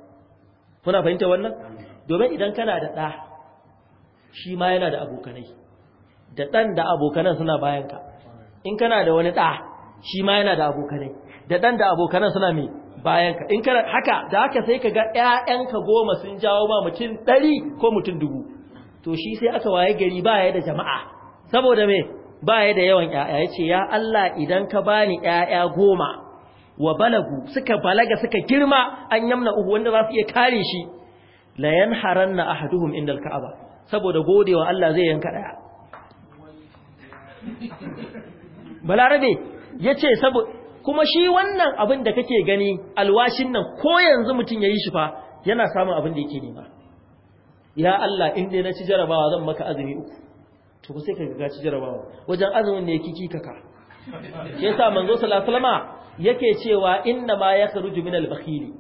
kuna fahimta wannan domin idan kana da ɗa shi ma yana da abokanai da ɗan da abokanan suna bayanka in kana da wani ɗa shi ma yana da abokanai da ɗan da abokanan suna mai bayanka in kana haka da haka sai ka ga 'ya'yanka goma sun jawo ba mutum ɗari ko mutum dubu to shi sai aka waye gari ba ya da jama'a saboda me ba ya da yawan 'ya'ya ya ce ya Allah idan ka bani 'ya'ya goma wa balagu suka balaga suka girma an yamna uku wanda za su iya kare shi la haranna ahaduhum indal ka'aba saboda godewa Allah zai yanka ɗaya. balarabe ya ce kuma shi wannan abin da kake gani alwashin nan ko yanzu mutum ya yi shi fa yana samun abin da yake nema ya Allah inda na ci jarabawa zan maka azumi uku to sai ka ga ci jarabawa wajen azumin ne kiki kaka shi yasa manzo sallallahu yake cewa inna ma yakhruju min al-bakhili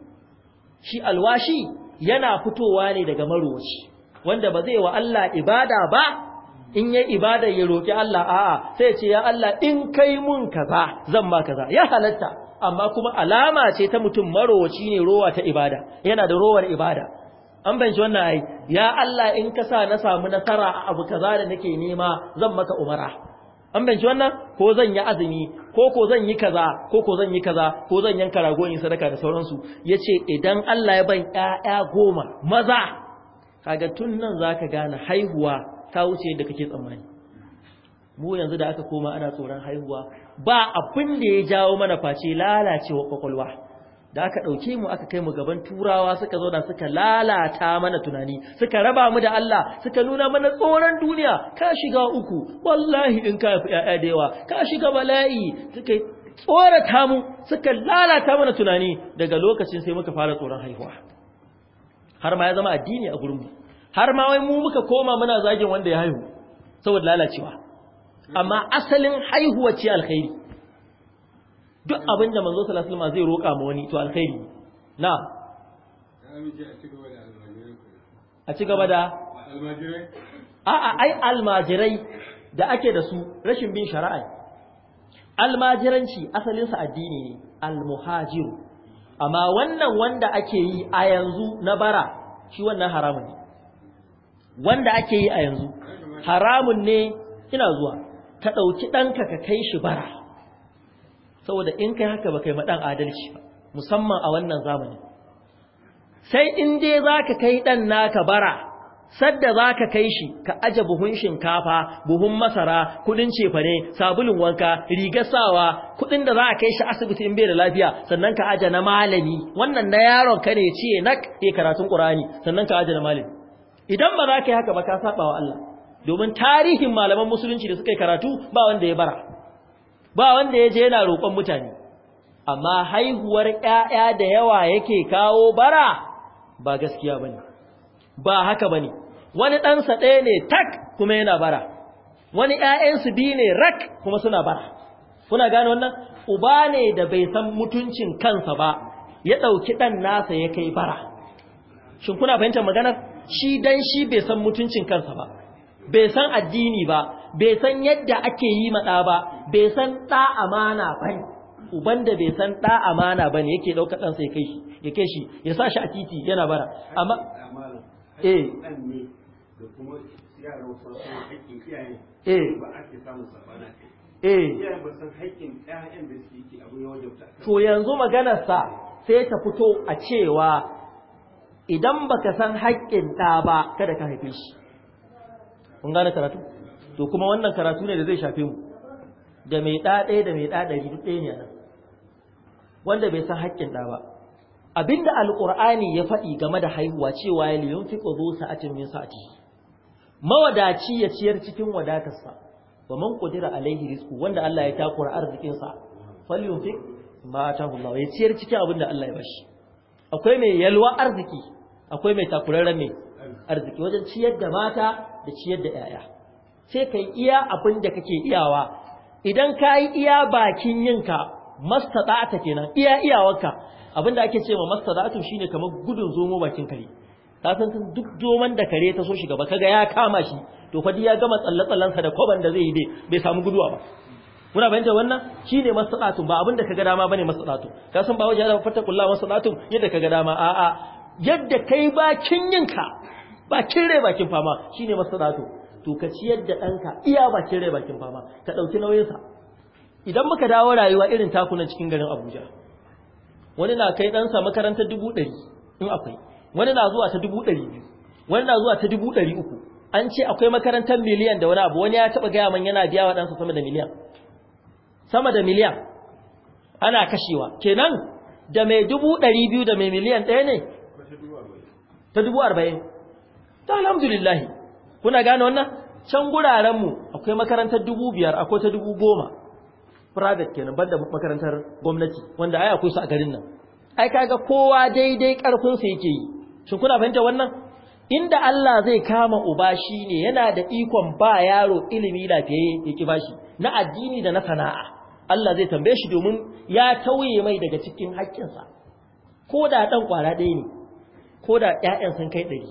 shi alwashi yana fitowa ne daga marowaci wanda ba zai wa Allah ibada ba in ya ibada ya roƙi Allah a'a sai ce ya Allah in kai mun kaza zan ba kaza ya halatta amma kuma alama ce ta mutum marowaci ne rowa ta ibada yana da rowar ibada an banci wannan ai ya Allah in ka sa na samu nasara a abu kaza da nake nema zan maka umara an banci wannan ko zan yi azumi ko ko zan yi kaza ko ko zan yi kaza ko zan yanka rago in sadaka da sauransu yace idan Allah ya ban ƴaƴa goma maza kaga tun nan za ka gane haihuwa ta wuce yadda kake tsammani mu yanzu da aka koma ana tsoron haihuwa ba abin da ya jawo mana face lalacewa kwakwalwa da aka ɗauke mu aka kai mu gaban turawa suka zo da suka lalata mana tunani suka raba mu da Allah suka nuna mana tsoron duniya ka shiga uku wallahi in ka fi 'ya'ya da yawa ka shiga bala'i suka tsorata mu suka lalata mana tunani daga lokacin sai muka fara tsoron haihuwa har ma ya zama addini a gurin mu har ma wai mu muka koma muna zagin wanda ya haihu saboda lalacewa amma asalin haihuwa ce alkhairi duk abinda manzo sallallahu alaihi wasallam zai roka ma wani to alkhairi na a ci gaba da almajirai a a ai almajirai da ake da su rashin bin shari'a almajiranci asalinsa addini ne almuhajiru amma wannan wanda ake yi a yanzu na bara shi wannan haramun ne wanda ake yi a yanzu haramun ne ina zuwa ka ɗauki ɗanka ka kai shi bara saboda in kai haka ba kai maɗan adalci ba musamman a wannan zamani sai in dai za ka kai ɗan naka bara sadda za ka kai shi ka aje buhun shinkafa buhun masara kudin cefane sabulun wanka rigar sawa kudin da za a kai shi asibiti in bai da lafiya sannan ka aje na malami wannan na yaron ka ne ce na e eh, karatun ƙur'ani. sannan ka aje na malami idan ba za ka yi haka ba ka saba wa Allah domin tarihin malaman musulunci da suka yi karatu ba wanda ya bara ba wanda ya je yana roƙon mutane amma haihuwar ƴaƴa da yawa yake kawo bara ba gaskiya bane ba haka bane wani dan sa ɗaya ne tak kuma yana bara wani ƴaƴan su biyu ne rak kuma suna bara kuna gane wannan uba ne da bai san mutuncin kansa ba ya ɗauki ɗan nasa ya kai bara shin kuna fahimtar maganar shi dan shi bai san mutuncin kansa ba bai san addini ba bai san yadda ake yi maɗa ba bai san ɗa amana ba uban da bai san ɗa amana ba ne yake ɗaukar ɗansa ya kai shi ya sa shi a titi yana bara amma eh. Eh. eh to yanzu maganarsa sai ta fito a cewa idan baka san haƙƙin ɗa ba kada ka haife shi kun gane karatu to kuma wannan karatu ne da zai shafe mu da mai ɗa ɗaya da mai ɗa ɗari duk ɗaya ne a nan wanda bai san haƙƙin ɗa ba abinda alƙur'ani ya faɗi game da haihuwa cewa ya liyun fi ƙwazo sa'atin min sa'ati mawadaci ya ciyar cikin wadatarsa ba man qudira alaihi risku wanda Allah ya takura arzikinsa falyunfiq ma ta hulawa. ya ciyar cikin abinda Allah ya bashi akwai mai yalwa arziki akwai mai takurarren mai arziki wajen ciyar da mata da ciyar da 'ya'ya sai yi iya abin da kake iyawa idan ka yi iya bakin yinka ke nan iya iyawarka abin da ake ce ma shi shine kamar gudun zomo bakin kare Ta san duk domin da kare ta so shi gaba kaga ya kama shi to kwadi ya gama tsalle tsallensa da kwaban da zai yi bai samu guduwa ba muna fahimtar wannan shine masalatun ba abinda ka kaga dama bane masalatu ka san ba wajen da masu masalatun yadda kaga dama a a yadda kai bakin yinka bakin rai bakin fama shine masalatu to ka ciyar da danka iya bakin rai bakin fama ka dauki nauyin sa idan muka dawo rayuwa irin takunan cikin garin Abuja wani na kai dan sa makarantar 100 in akwai wani na zuwa ta biyu wani na zuwa ta uku an ce akwai makarantar miliyan da wani abu wani ya taba gaya man yana biya wa ɗansa sama da miliyan sama da miliyan ana kashewa kenan da mai dubu ɗari biyu da mai miliyan ɗaya ne ta dubu arba'in ta alhamdulillahi kuna gane wannan can gurarenmu akwai makarantar dubu biyar akwai ta dubu goma private kenan banda makarantar gwamnati wanda ai akwai su a garin nan ai kaga kowa daidai ƙarfinsa yake yi shin kuna fahimta wannan inda Allah zai kama uba shine ne yana da ikon ba yaro ilimi lafiyayye ya bashi na addini da na sana'a Allah zai tambaye shi domin ya tauye mai daga cikin haƙƙinsa ko da ɗan ƙwara ɗaya ne ko da ‘ya'yan sun kai ɗari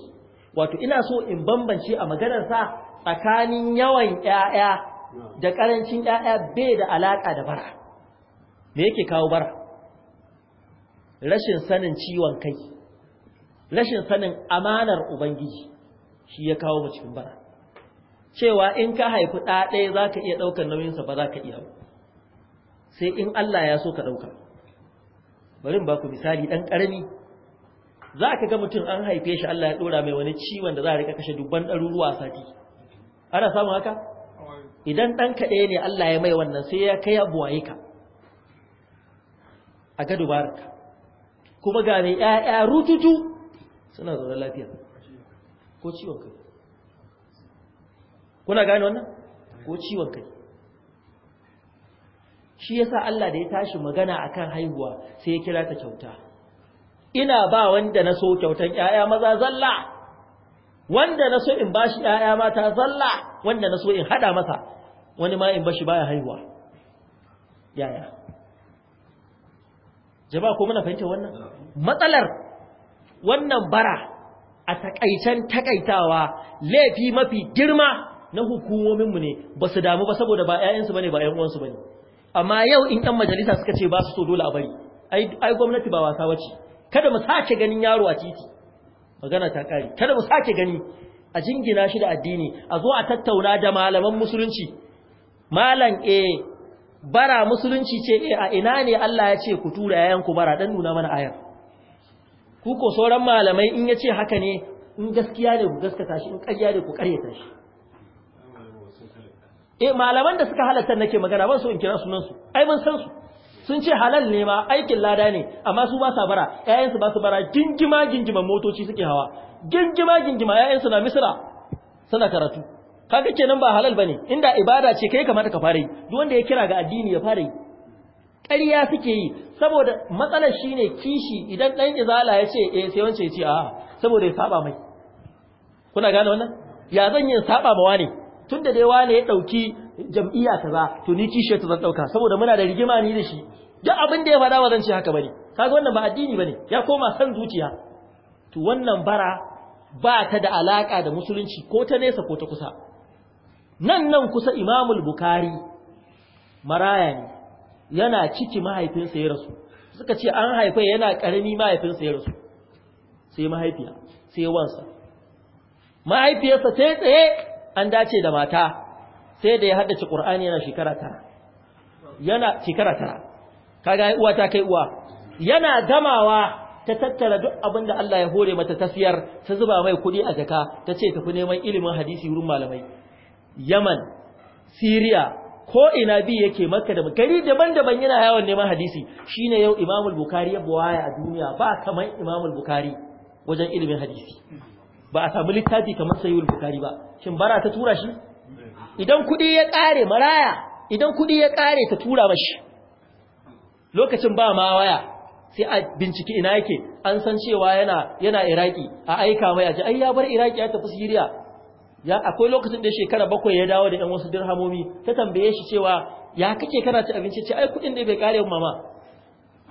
wato ina so in bambance a maganarsa tsakanin yawan ‘ya'ya da ƙarancin ‘ya'ya bai da alaƙa da bara me yake kawo bara rashin sanin ciwon kai rashin sanin amanar ubangiji shi ya kawo mu cikin bara cewa in ka haifi ɗa ɗaya za ka iya ɗaukar nauyinsa ba za ka iya ba sai in Allah ya so ka ɗauka barin ba ku misali ɗan ƙarami za ka ga mutum an haife shi Allah ya ɗora mai wani ciwon da za a rika kashe dubban ɗaruruwa a sati ana samun haka idan ɗan kaɗe ne Allah ya mai wannan sai ya kai yi ka a ga dubarka kuma ga mai ‘ya'ya rututu suna zaune lafiya ko ciwon kai kuna gane wannan ko ciwon kai shi yasa Allah da ya tashi magana akan haihuwa sai ya kira ta kyauta ina ba wanda na so kyautan 'ya'ya maza zalla wanda na so in bashi 'ya'ya mata zalla wanda na so in hada masa wani ma in bashi baya haihuwa yaya jama'a ko muna fahimta wannan matsalar wannan bara a takaicen takaitawa laifi mafi girma na hukumominmu ne ba su damu ba saboda ba 'ya'yansu bane ba ƴan uwansu bane amma yau in ɗan majalisa suka ce ba su so dole a bari ai gwamnati ba wasa wace kada mu sake ganin yaro a titi magana ta ƙari kada mu sake gani a jingina shi da addini a zo a tattauna da malaman musulunci malam e bara musulunci ce e a ina ne Allah ya ce ku tura yayanku bara dan nuna mana ayar ku sauran malamai in ya ce haka ne in gaskiya ne ku gaskata shi in ƙarya ne ku ƙaryata shi eh malaman da suka halatta nake magana ban so in kira sunan su ai mun san su sun ce halal ne ma aikin lada ne amma su ba sa bara su ba su bara gingima gingima motoci suke hawa gingima gingima su na misra suna karatu kaga kenan ba halal bane inda ibada ce kai kamata ka fara yi duk wanda ya kira ga addini ya fara yi ƙarya suke yi saboda matsalar shine kishi idan dan izala ya ce eh sai wance ya ce a'a saboda ya saba mai kuna gane wannan ya zan yi saba ma wani tun da dai wane ya ɗauki jam'iyya ta ba, to ni kishiyarta ta zan ɗauka saboda muna da rigima ni da shi duk abin da ya faɗa ba zan ce haka bane kaga wannan ba addini bane ya koma san zuciya to wannan bara ba ta da alaka da musulunci ko ta nesa ko ta kusa nan nan kusa imamul bukari maraya ne yana ciki mahaifinsa ya rasu suka ce an haifai yana karami mahaifinsa ya rasu sai mahaifiya sai wansa mahaifiyarsa sai tsaye an dace da mata sai da ya haddace Qur'ani yana shekara tara yana shekara tara kaga uwa ta kai uwa yana gamawa ta tattara duk abin da Allah ya hore mata tafiyar, ta zuba mai kuɗi a jaka ta ce tafi neman ilimin hadisi wurin malamai Yaman Syria ko ina bi yake maka da gari daban-daban yana yawon neman hadisi shine yau Imam al-Bukhari ya buwaya a duniya ba kamar Imam al-Bukhari wajen ilimin hadisi ba a samu littafi kamar sayyul bukari ba shin bara ta tura shi idan kudi ya kare maraya idan kudi ya kare ta tura mashi lokacin ba ma waya sai a binciki ina yake an san cewa yana yana iraki a aika mai aji ai ya bar iraki ya tafi siriya ya akwai lokacin da shekara bakwai ya dawo da yan wasu dirhamomi ta tambaye shi cewa ya kake kana ci abinci ce ai kudin da bai kare mama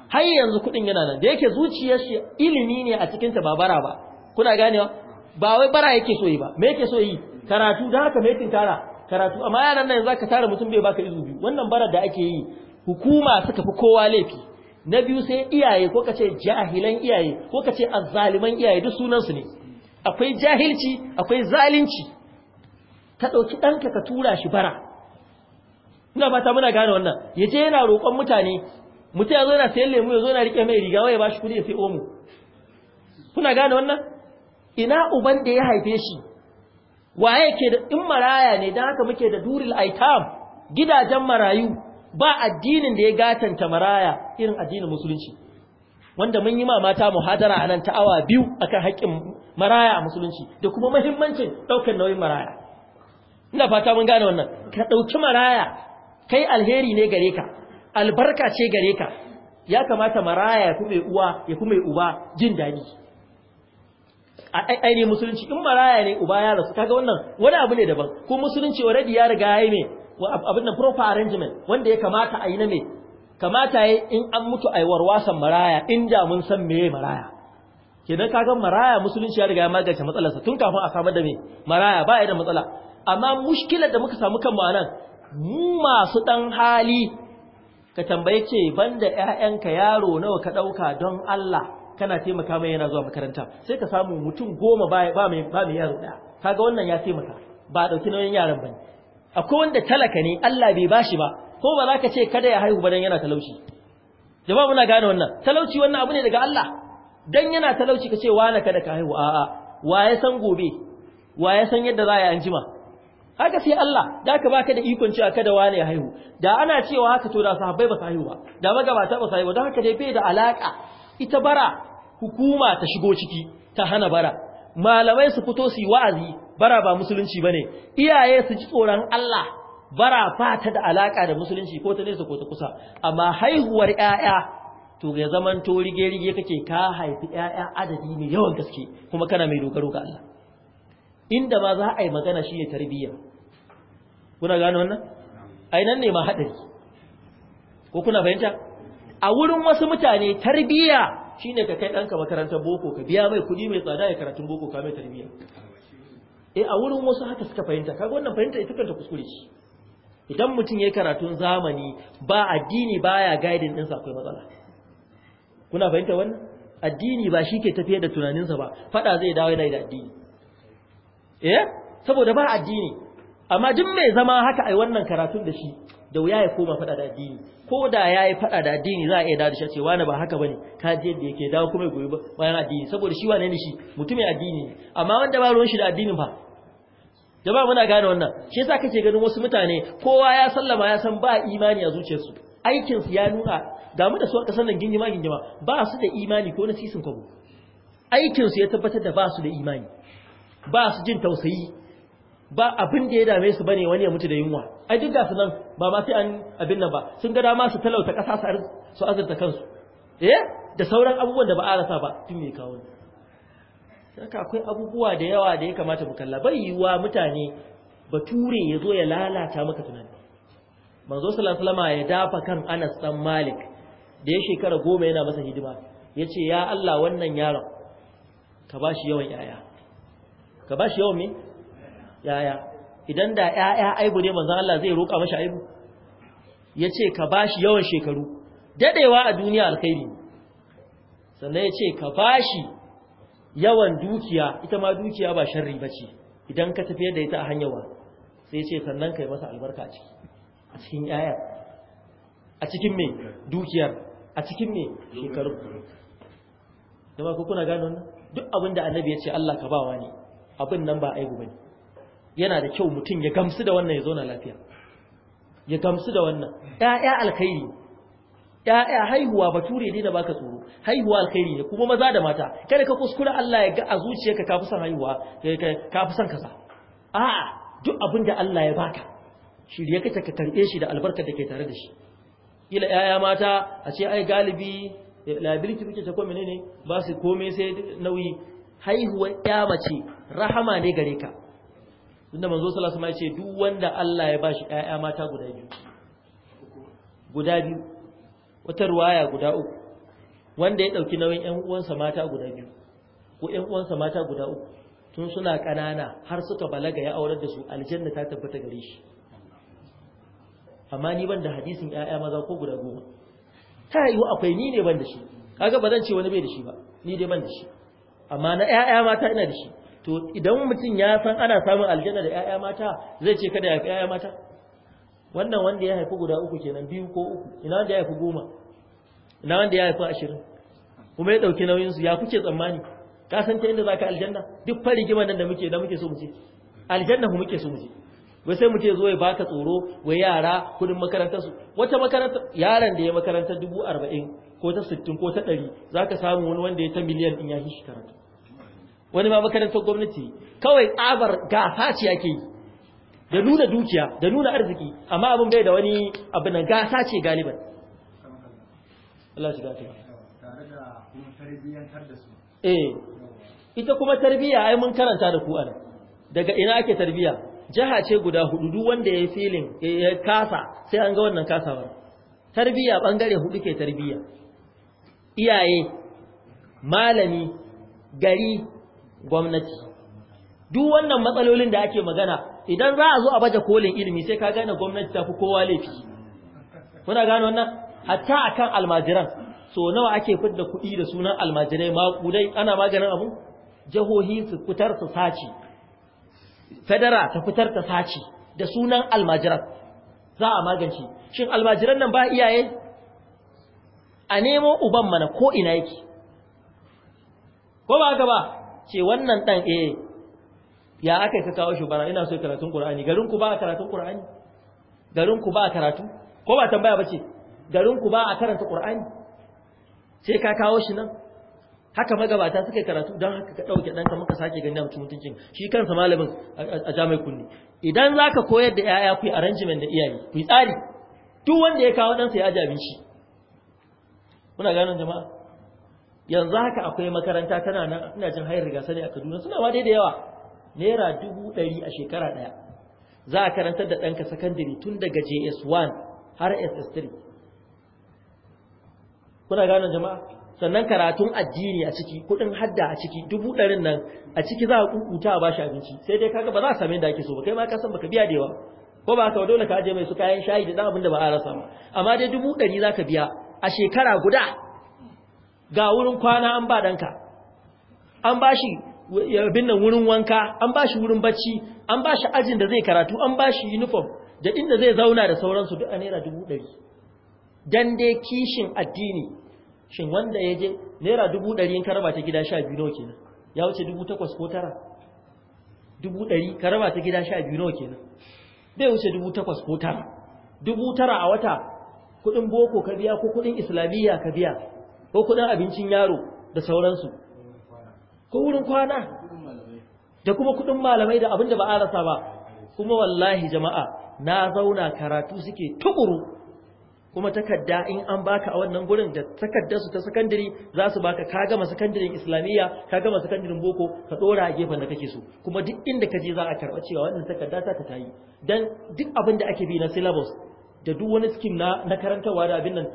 har yanzu kudin yana nan da yake zuciyar shi ilimi ne a cikin ta babara ba kuna ganewa ba wai bara yake so yi ba me yake so yi karatu da haka me tara karatu amma yaran nan zaka tara mutum bai baka izu biyu wannan bara da ake yi hukuma suka fi kowa laifi na biyu sai iyaye ko kace jahilan iyaye ko kace azzaliman iyaye duk sunan su ne akwai jahilci akwai zalunci ka dauki danka ka tura shi bara ina fata muna gane wannan yace yana roƙon mutane mutum ya zo yana sayan lemu ya zo yana rike mai riga waye ya bashi kudi ya fi omo kuna gane wannan ina uban da ya haife shi waye ke da in maraya ne dan haka muke da duril aitam gidajen marayu ba addinin da ya gatanta maraya irin addinin musulunci wanda mun yi ma mata muhadara a nan ta awa biyu akan haƙƙin maraya a musulunci da kuma muhimmancin ɗaukar nauyin maraya ina fata mun gane wannan ka ɗauki maraya kai alheri ne gare ka albarka ce gare ka ya kamata maraya ya kuma uwa ya kuma uba jin daɗi aini musulunci in maraya ne uba ya rasu kaga wannan wani abu ne daban ko musulunci radi ya riga yayi me abin da proper arrangement wanda ya kamata a yi na me kamata yi in an mutu ai warwasan maraya in da mun san meye maraya kenan kaga maraya musulunci ya riga ya magance matsalarsa tun kafin a samar da me maraya ba ya da matsala amma mushkilar da muka samu mu anan mu masu dan hali ka tambaye ce banda ƴaƴanka yaro nawa ka dauka don Allah kana taimaka mai yana zuwa makaranta sai ka samu mutum goma ba mai yaro ɗaya kaga wannan ya taimaka ba dauki nauyin yaran ne akwai wanda talaka ne Allah bai bashi ba ko ba za ka ce kada ya haihu ba dan yana talauci jama'a muna gane wannan talauci wannan abu ne daga Allah dan yana talauci ka ce wani kada ka haihu a'a wa ya san gobe wa ya san yadda za a yi anjima haka sai Allah da ka baka da ikon cewa kada wani ya haihu da ana cewa haka to da sahabbai ba su haihu ba da magabata ba su haihu don haka dai bai da alaka ita bara hukuma ta shigo ciki ta hana bara malamai su fito su yi wa'azi bara ba musulunci bane iyaye su ji tsoron Allah bara ba ta da alaka da musulunci ko ta nesa ko ta kusa amma haihuwar 'ya'ya to ga zaman to rige rige kake ka haifi 'ya'ya adadi ne yawan gaske kuma kana mai dogaro ga Allah inda ma za a yi magana shi ne tarbiyya kuna gane wannan ai nan ne ma hadari ko kuna fahimta a wurin wasu mutane tarbiyya Shi ne ka kai ɗanka makarantar boko ka biya mai kuɗi mai tsada ya karatun boko ka mai tarbiyya eh a wurin wasu haka suka fahimta kaga wannan fahimta ita kanta kuskure shi idan mutum yi karatun zamani ba addini baya gaidin ɗinsa akwai matsala kuna fahimta wannan addini ba shi ke tafiyar da tunaninsa ba faɗa zai dawo yana da addini eh saboda ba addini amma duk mai zama haka ai wannan karatun da shi da wuya ya koma fada da addini ko da yayi fada da addini za a iya dawo da shi ce wani ba haka bane ka je da yake dawo kuma goyi bayan addini saboda shi wane ne shi mutumin addini ne amma wanda ba ruwan shi da addinin fa jama'a muna gane wannan shi yasa kake ganin wasu mutane kowa ya sallama ya san ba imani a zuciyarsu aikin su ya nuna ga mu da su a nan gingima gingima ba su da imani ko na sisin kwabo aikin su ya tabbatar da ba su da imani ba su jin tausayi ba abin da ya dame su bane wani ya mutu da yunwa ai duk da su nan ba ma sai an abin nan ba sun ga dama su talauta kasa su azurta kansu eh da sauran abubuwan da ba a rasa ba tun me kawo saka akwai abubuwa da yawa da ya kamata mu kalla bai yiwa mutane bature ya zo ya lalata maka tunani manzo sallallahu alaihi wasallam ya dafa kan Anas dan Malik da ya shekara goma yana masa hidima yace ya Allah wannan yaron ka bashi yawan yaya ka bashi yawan me yaya idan da yaya aibu ne manzan Allah zai roƙa mashi aibu ce ka ba shi yawan shekaru daɗewa a duniya alkhairi sannan ya ce ka ba shi yawan dukiya ita ma dukiya ba sharri ce. idan ka tafi da ita a hanyawa sai ce sannan ka yi masa albarka a cikin ƴaƴa a cikin me dukiyar a cikin me shekaru kuma ko kuna gano duk abin da annabi ya ce Allah ka bawa ne abin nan ba aibu bane yana da kyau mutum ya gamsu da wannan ya zauna lafiya ya gamsu da wannan ƴaƴa alkhairi ƴaƴa haihuwa bature ne da baka tsoro haihuwa alkhairi ne kuma maza da mata kada ka kuskura Allah ya ga a zuciyarka ka fi son haihuwa eh, ka fi son kaza a'a duk abin da Allah ya baka shirye kake ka karbe shi da albarkar da ke tare da shi ila ƴaƴa mata a ce ai galibi eh, liability muke ta komai ne ba su komai sai nauyi haihuwar ƴa mace rahama ne gare ka tunda manzo sallallahu alaihi wasallam ya ce duk wanda Allah ya bashi ƴaƴa mata guda biyu guda biyu wata ruwaya guda uku wanda ya dauki nauyin ƴan uwansa mata guda biyu ko ƴan uwansa mata guda uku tun suna kanana har suka balaga ya aurar da su aljanna ta tabbata gare shi amma ni ban da hadisin ƴaƴa maza ko guda goma ta yiwu akwai ni ne ban da shi kaga ba zan ce wani bai da shi ba ni dai ban da shi amma na ƴaƴa mata ina da shi to idan mutum ya san ana samun aljanna da 'ya'ya mata zai ce kada ya haifi 'ya'ya mata wannan wanda ya haifi guda uku kenan biyu ko uku ina wanda ya haifi goma ina wanda ya haifi ashirin kuma ya ɗauki nauyin su ya kuke tsammani ka san ta inda zaka aljanna duk fari gima nan da muke da muke so mu ce aljanna mu muke so mu ce wai sai mu ce zo ya baka tsoro wai yara kudin makarantar su wata makaranta yaron da ya makarantar dubu arba'in ko ta sittin ko ta ɗari za ka samu wani wanda ya ta miliyan in ya shi karatu wani ma makarantar gwamnati kawai tsabar gasa ce ake yi da nuna dukiya da nuna arziki amma abin bai da wani abin nan gasa ce galiban eh, ita kuma tarbiyya ai mun karanta da ku ana daga ina ake tarbiyya jaha ce guda hudu duk wanda yayi filin ya kasa sai an ga wannan kasawar tarbiyya bangare hudu ke tarbiyya iyaye malami gari gwamnati duk wannan matsalolin da ake magana idan za a zo a baje kolin ilimi sai ka gane gwamnati ta fi kowa laifi kuna gane wannan hatta akan almajiran so nawa ake fidda kuɗi da sunan almajirai maƙudai ana maganin abu jihohi su fitar su sace federa ta fitar ta sace da sunan almajiran za a magance shin almajiran nan ba iyaye a nemo uban mana ko ina yake ko ba haka ba ce wannan dan e, eh, ya aka ka kawo shi bara ina so karatun Qur'ani garin ku ba a karatun Qur'ani garin ku ba a karatu ko ba tambaya bace garin ku ba a karanta Qur'ani sai ka kawo shi nan haka magabata suka karatu don haka ka dauke ɗanka, muka sake ganin mutum mutuncin shi kansa malamin a jami'ar kunni idan za ka koyar da yaya ku arrangement da iyaye ku tsari duk wanda ya kawo dan ya jabi shi kuna ganin jama'a yanzu haka akwai makaranta tana nan ina jin hayar riga sani a Kaduna suna ma dai da yawa naira dubu ɗari a shekara ɗaya za a karantar da danka sakandare tun daga JS1 har SS3 kuna gano jama'a sannan karatun addini a ciki kudin hadda a ciki dubu ɗarin nan a ciki za a kukuta a bashi abinci sai dai kaga ba za a same da ake so ba kai ma ka san baka biya da yawa ko ba ka dole ka aje mai su kayan shayi da abin da ba a rasa ba amma dai dubu ɗari za ka biya a shekara guda ga wurin kwana an ba danka an ba shi yabin nan wurin wanka an ba shi wurin bacci an ba shi ajin da zai karatu an ba shi uniform da inda zai zauna da sauransu duk a naira dubu ɗari dan dai kishin addini shin wanda ya je naira dubu ɗari in karaba ta gida sha biyu nawa kenan ya wuce dubu takwas ko tara dubu ɗari karaba ta gida sha biyu nawa kenan bai wuce dubu takwas ko tara dubu tara a wata kuɗin boko ka biya ko kuɗin islamiyya ka biya ko kudin abincin yaro da sauransu ko wurin kwana da kuma kudin malamai da abinda ba a rasa ba kuma wallahi jama'a na zauna karatu suke tukuru kuma takarda in an baka a wannan gurin da takardarsu ta sakandare za su baka ka gama sakandaren islamiyya ka gama sakandaren boko ka dora a gefen da kake so kuma duk inda ka je za a karɓa cewa wannan takarda ta ka tayi dan duk abin da ake bi na syllabus da duk wani skim na na karantawa da abin nan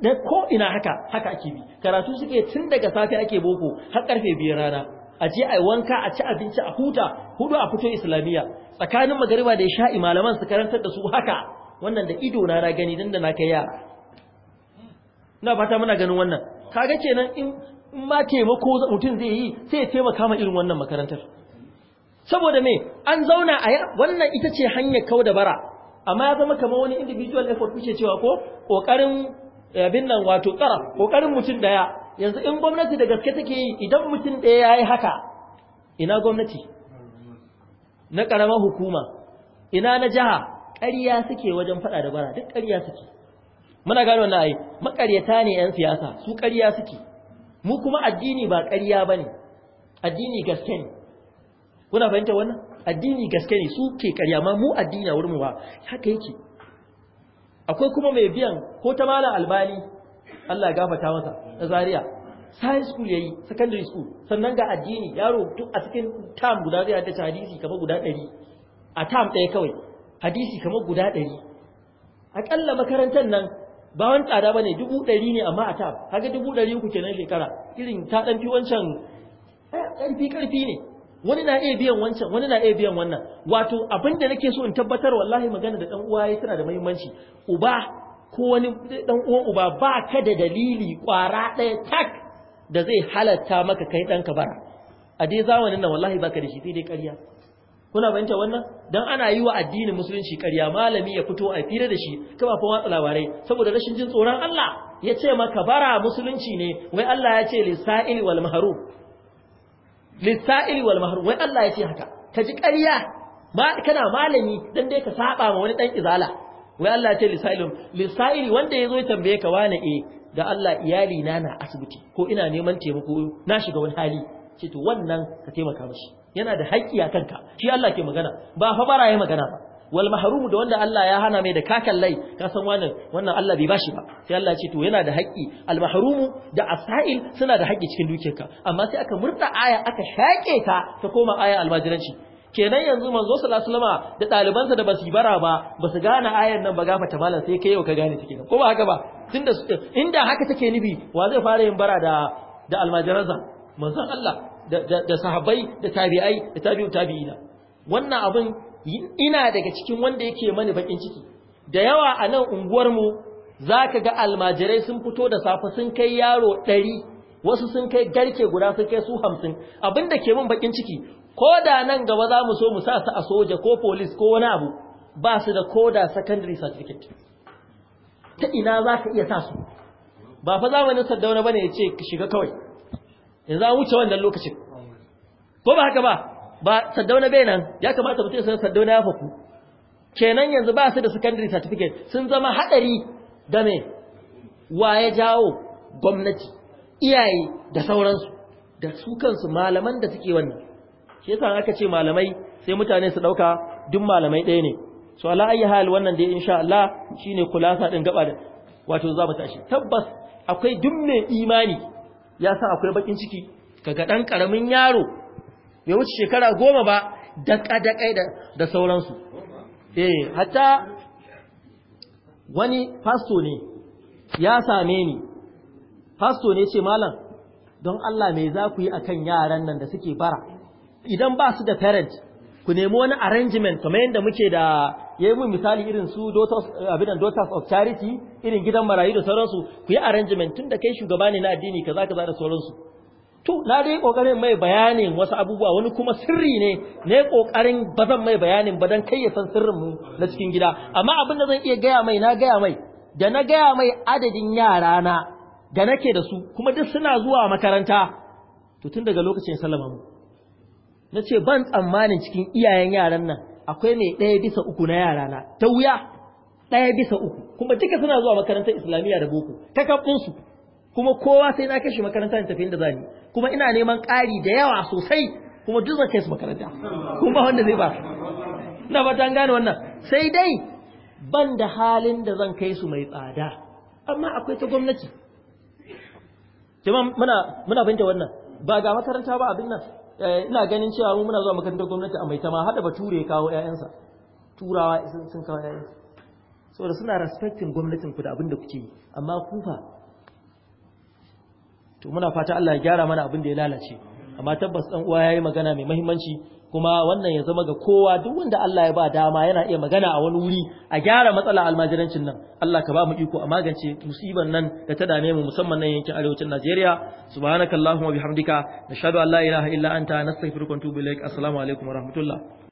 da ko ina haka haka ake bi karatu suke tun daga safe ake boko har karfe biyar rana a je ai wanka a ci abinci a huta hudu a fito islamiyya tsakanin magariba da sha malaman su karantar da su haka wannan da ido na na gani dan da na kai yara ina fata muna ganin wannan kaga kenan in in ma taimako mutum zai yi sai ya taimaka ma irin wannan makarantar saboda me an zauna a wannan ita ce hanyar kau da bara amma ya zama kamar wani individual effort kuke cewa ko kokarin Eh, abin nan wato ƙara ƙoƙarin mutum ɗaya yanzu in gwamnati da gaske take yi idan mutum ɗaya ya yi haka ina gwamnati na ƙaramar hukuma ina na jiha ƙarya suke wajen faɗa da bara duk ƙarya suke muna gano na ai maƙaryata ne 'yan siyasa su ƙarya suke mu kuma addini ba ƙarya ba ne addini gaske ne kuna fahimta wannan addini gaske ne su ke ƙarya ma mu addini a wurin mu ba haka yake akwai kuma mai biyan ko ta malam albani Allah gafata masa na zaria science school yayi secondary school sannan ga addini yaro duk a cikin tam guda zai ta hadisi kamar guda 100 a term ɗaya kawai hadisi kamar guda 100 akalla makarantar nan ba wani tsada bane 100 ne amma a dubu ɗari uku kenan shekara irin ta dan fi wancan eh, ƙarfi ƙarfi ne wani na iya biyan wancan wani na iya biyan wannan wato abin da nake so in tabbatar wallahi magana da dan uwa yayi tana da muhimmanci uba ko wani dan uwan uba ba ka da dalili kwara ɗaya tak da zai halatta maka kai dan ka bara a dai zamanin nan wallahi baka da shi sai dai ƙarya kuna bayanta wannan dan ana yi wa addinin musulunci ƙarya malami ya fito a fira da shi kafafen watsa labarai saboda rashin jin tsoron Allah ya ce maka bara musulunci ne wai Allah ya ce lisa'il wal mahrum lissa'il wal mahrum wai Allah ya ce haka kaji ji ƙarya ba kana malami dan dai ka saba ma wani dan izala wai Allah ya ce lissa'il lissa'il wanda yazo ya tambaye ka wani eh da Allah iyali na na asibiti ko ina neman taimako na shiga wani hali ce to wannan ka taimaka mishi yana da haƙƙi a kanka shi Allah ke magana ba fa baraye magana ba wal mahrum da wanda Allah ya hana mai da lai, ka san wannan wannan Allah bai bashi ba sai Allah ya ce to yana da haƙƙi al da asail suna da haƙƙi cikin dukiyarka amma sai aka murta aya aka shaƙe ta ta koma aya almajiranci kenan yanzu manzo sallallahu alaihi wasallama da ɗalibansa da basu bara ba basu gane ayar nan ba gafa ta malam sai kai yau ka gane take ko ba haka ba tunda inda haka take nufi wa zai fara yin bara da da almajiransa manzon Allah da sahabbai da tabi'ai da tabi'u tabi'ina wannan abin ina daga cikin wanda yake mani bakin ciki da yawa a nan unguwarmu za ka ga almajirai sun fito da safe sun kai yaro ɗari wasu sun kai garke guda sun kai su hamsin abinda ke min bakin ciki ko da nan gaba za mu so mu sa su a soja ko polis ko wani abu ba su da koda secondary certificate ta ina za ka iya sa su ba fa zamanin sardauna bane ya ce shiga kawai yanzu an wuce wannan lokacin ko ba haka ba ba saddauna bai nan ya kamata mutum sun saddauna ya faku kenan yanzu ba su da secondary certificate sun zama hadari da me wa ya jawo gwamnati iyaye da sauransu da su kansu malaman da suke wannan shi yasa aka ce malamai sai mutane su ɗauka duk malamai ɗaya ne so ala ayi hal wannan da insha Allah shine kulasa din gaba da wato za mu tashi tabbas akwai duk mai imani ya sa akwai bakin ciki kaga dan karamin yaro bai wuce shekara goma ba daƙa da sauransu eh hatta wani fasto ne ya same ni fasto ne ce malam don Allah mai za ku yi a kan yaran nan da suke bara idan ba su da parent ku nemo wani arrangement kamar yadda muke da yayi mun misali irin su daughters of charity irin gidan marayu da sauransu ku yi arrangement tun da kai shugaba ne na addini ka za ka za da sauransu to na dai kokarin mai bayanin wasu abubuwa wani kuma sirri ne ne kokarin ba zan mai bayanin ba dan kai ya san sirrin mu na cikin gida amma abin da zan iya gaya mai na gaya mai da na gaya mai adadin yara na da nake da su kuma duk suna zuwa makaranta to tun daga lokacin sallama mu nace ban tsammanin cikin iyayen yaran nan akwai mai ɗaya bisa uku na yara na ta wuya ɗaya bisa uku kuma duka suna zuwa makarantar islamiyya da boko ta kaɓunsu, kuma kowa sai na kashe makarantar tafiyin da zani kuma ina neman ƙari da yawa sosai kuma duk zai kai su makaranta kuma wanda zai ba na ba tan gane wannan sai dai ban da halin da zan kai su mai tsada amma akwai ta gwamnati jama'a muna muna fahimta wannan ba ga makaranta ba abin nan eh, ina ganin cewa mu muna zuwa makarantar gwamnati a mai tama hada bature kawo ƴaƴansa turawa sun kawo ƴaƴansa saboda suna respecting gwamnatin ku da abin da kuke yi amma ku fa to muna fata Allah ya gyara mana abin da ya lalace amma tabbas dan uwa yayi magana mai muhimmanci kuma wannan ya zama ga kowa duk wanda Allah ya ba dama yana iya magana a wani wuri a gyara matsalar almajirancin nan Allah ka ba mu iko a magance musibar nan da ta dame mu musamman nan yankin arewacin Najeriya subhanakallahumma bihamdika nashhadu an la ilaha illa anta nastaghfiruka wa atubu ilaik assalamu alaikum wa rahmatullah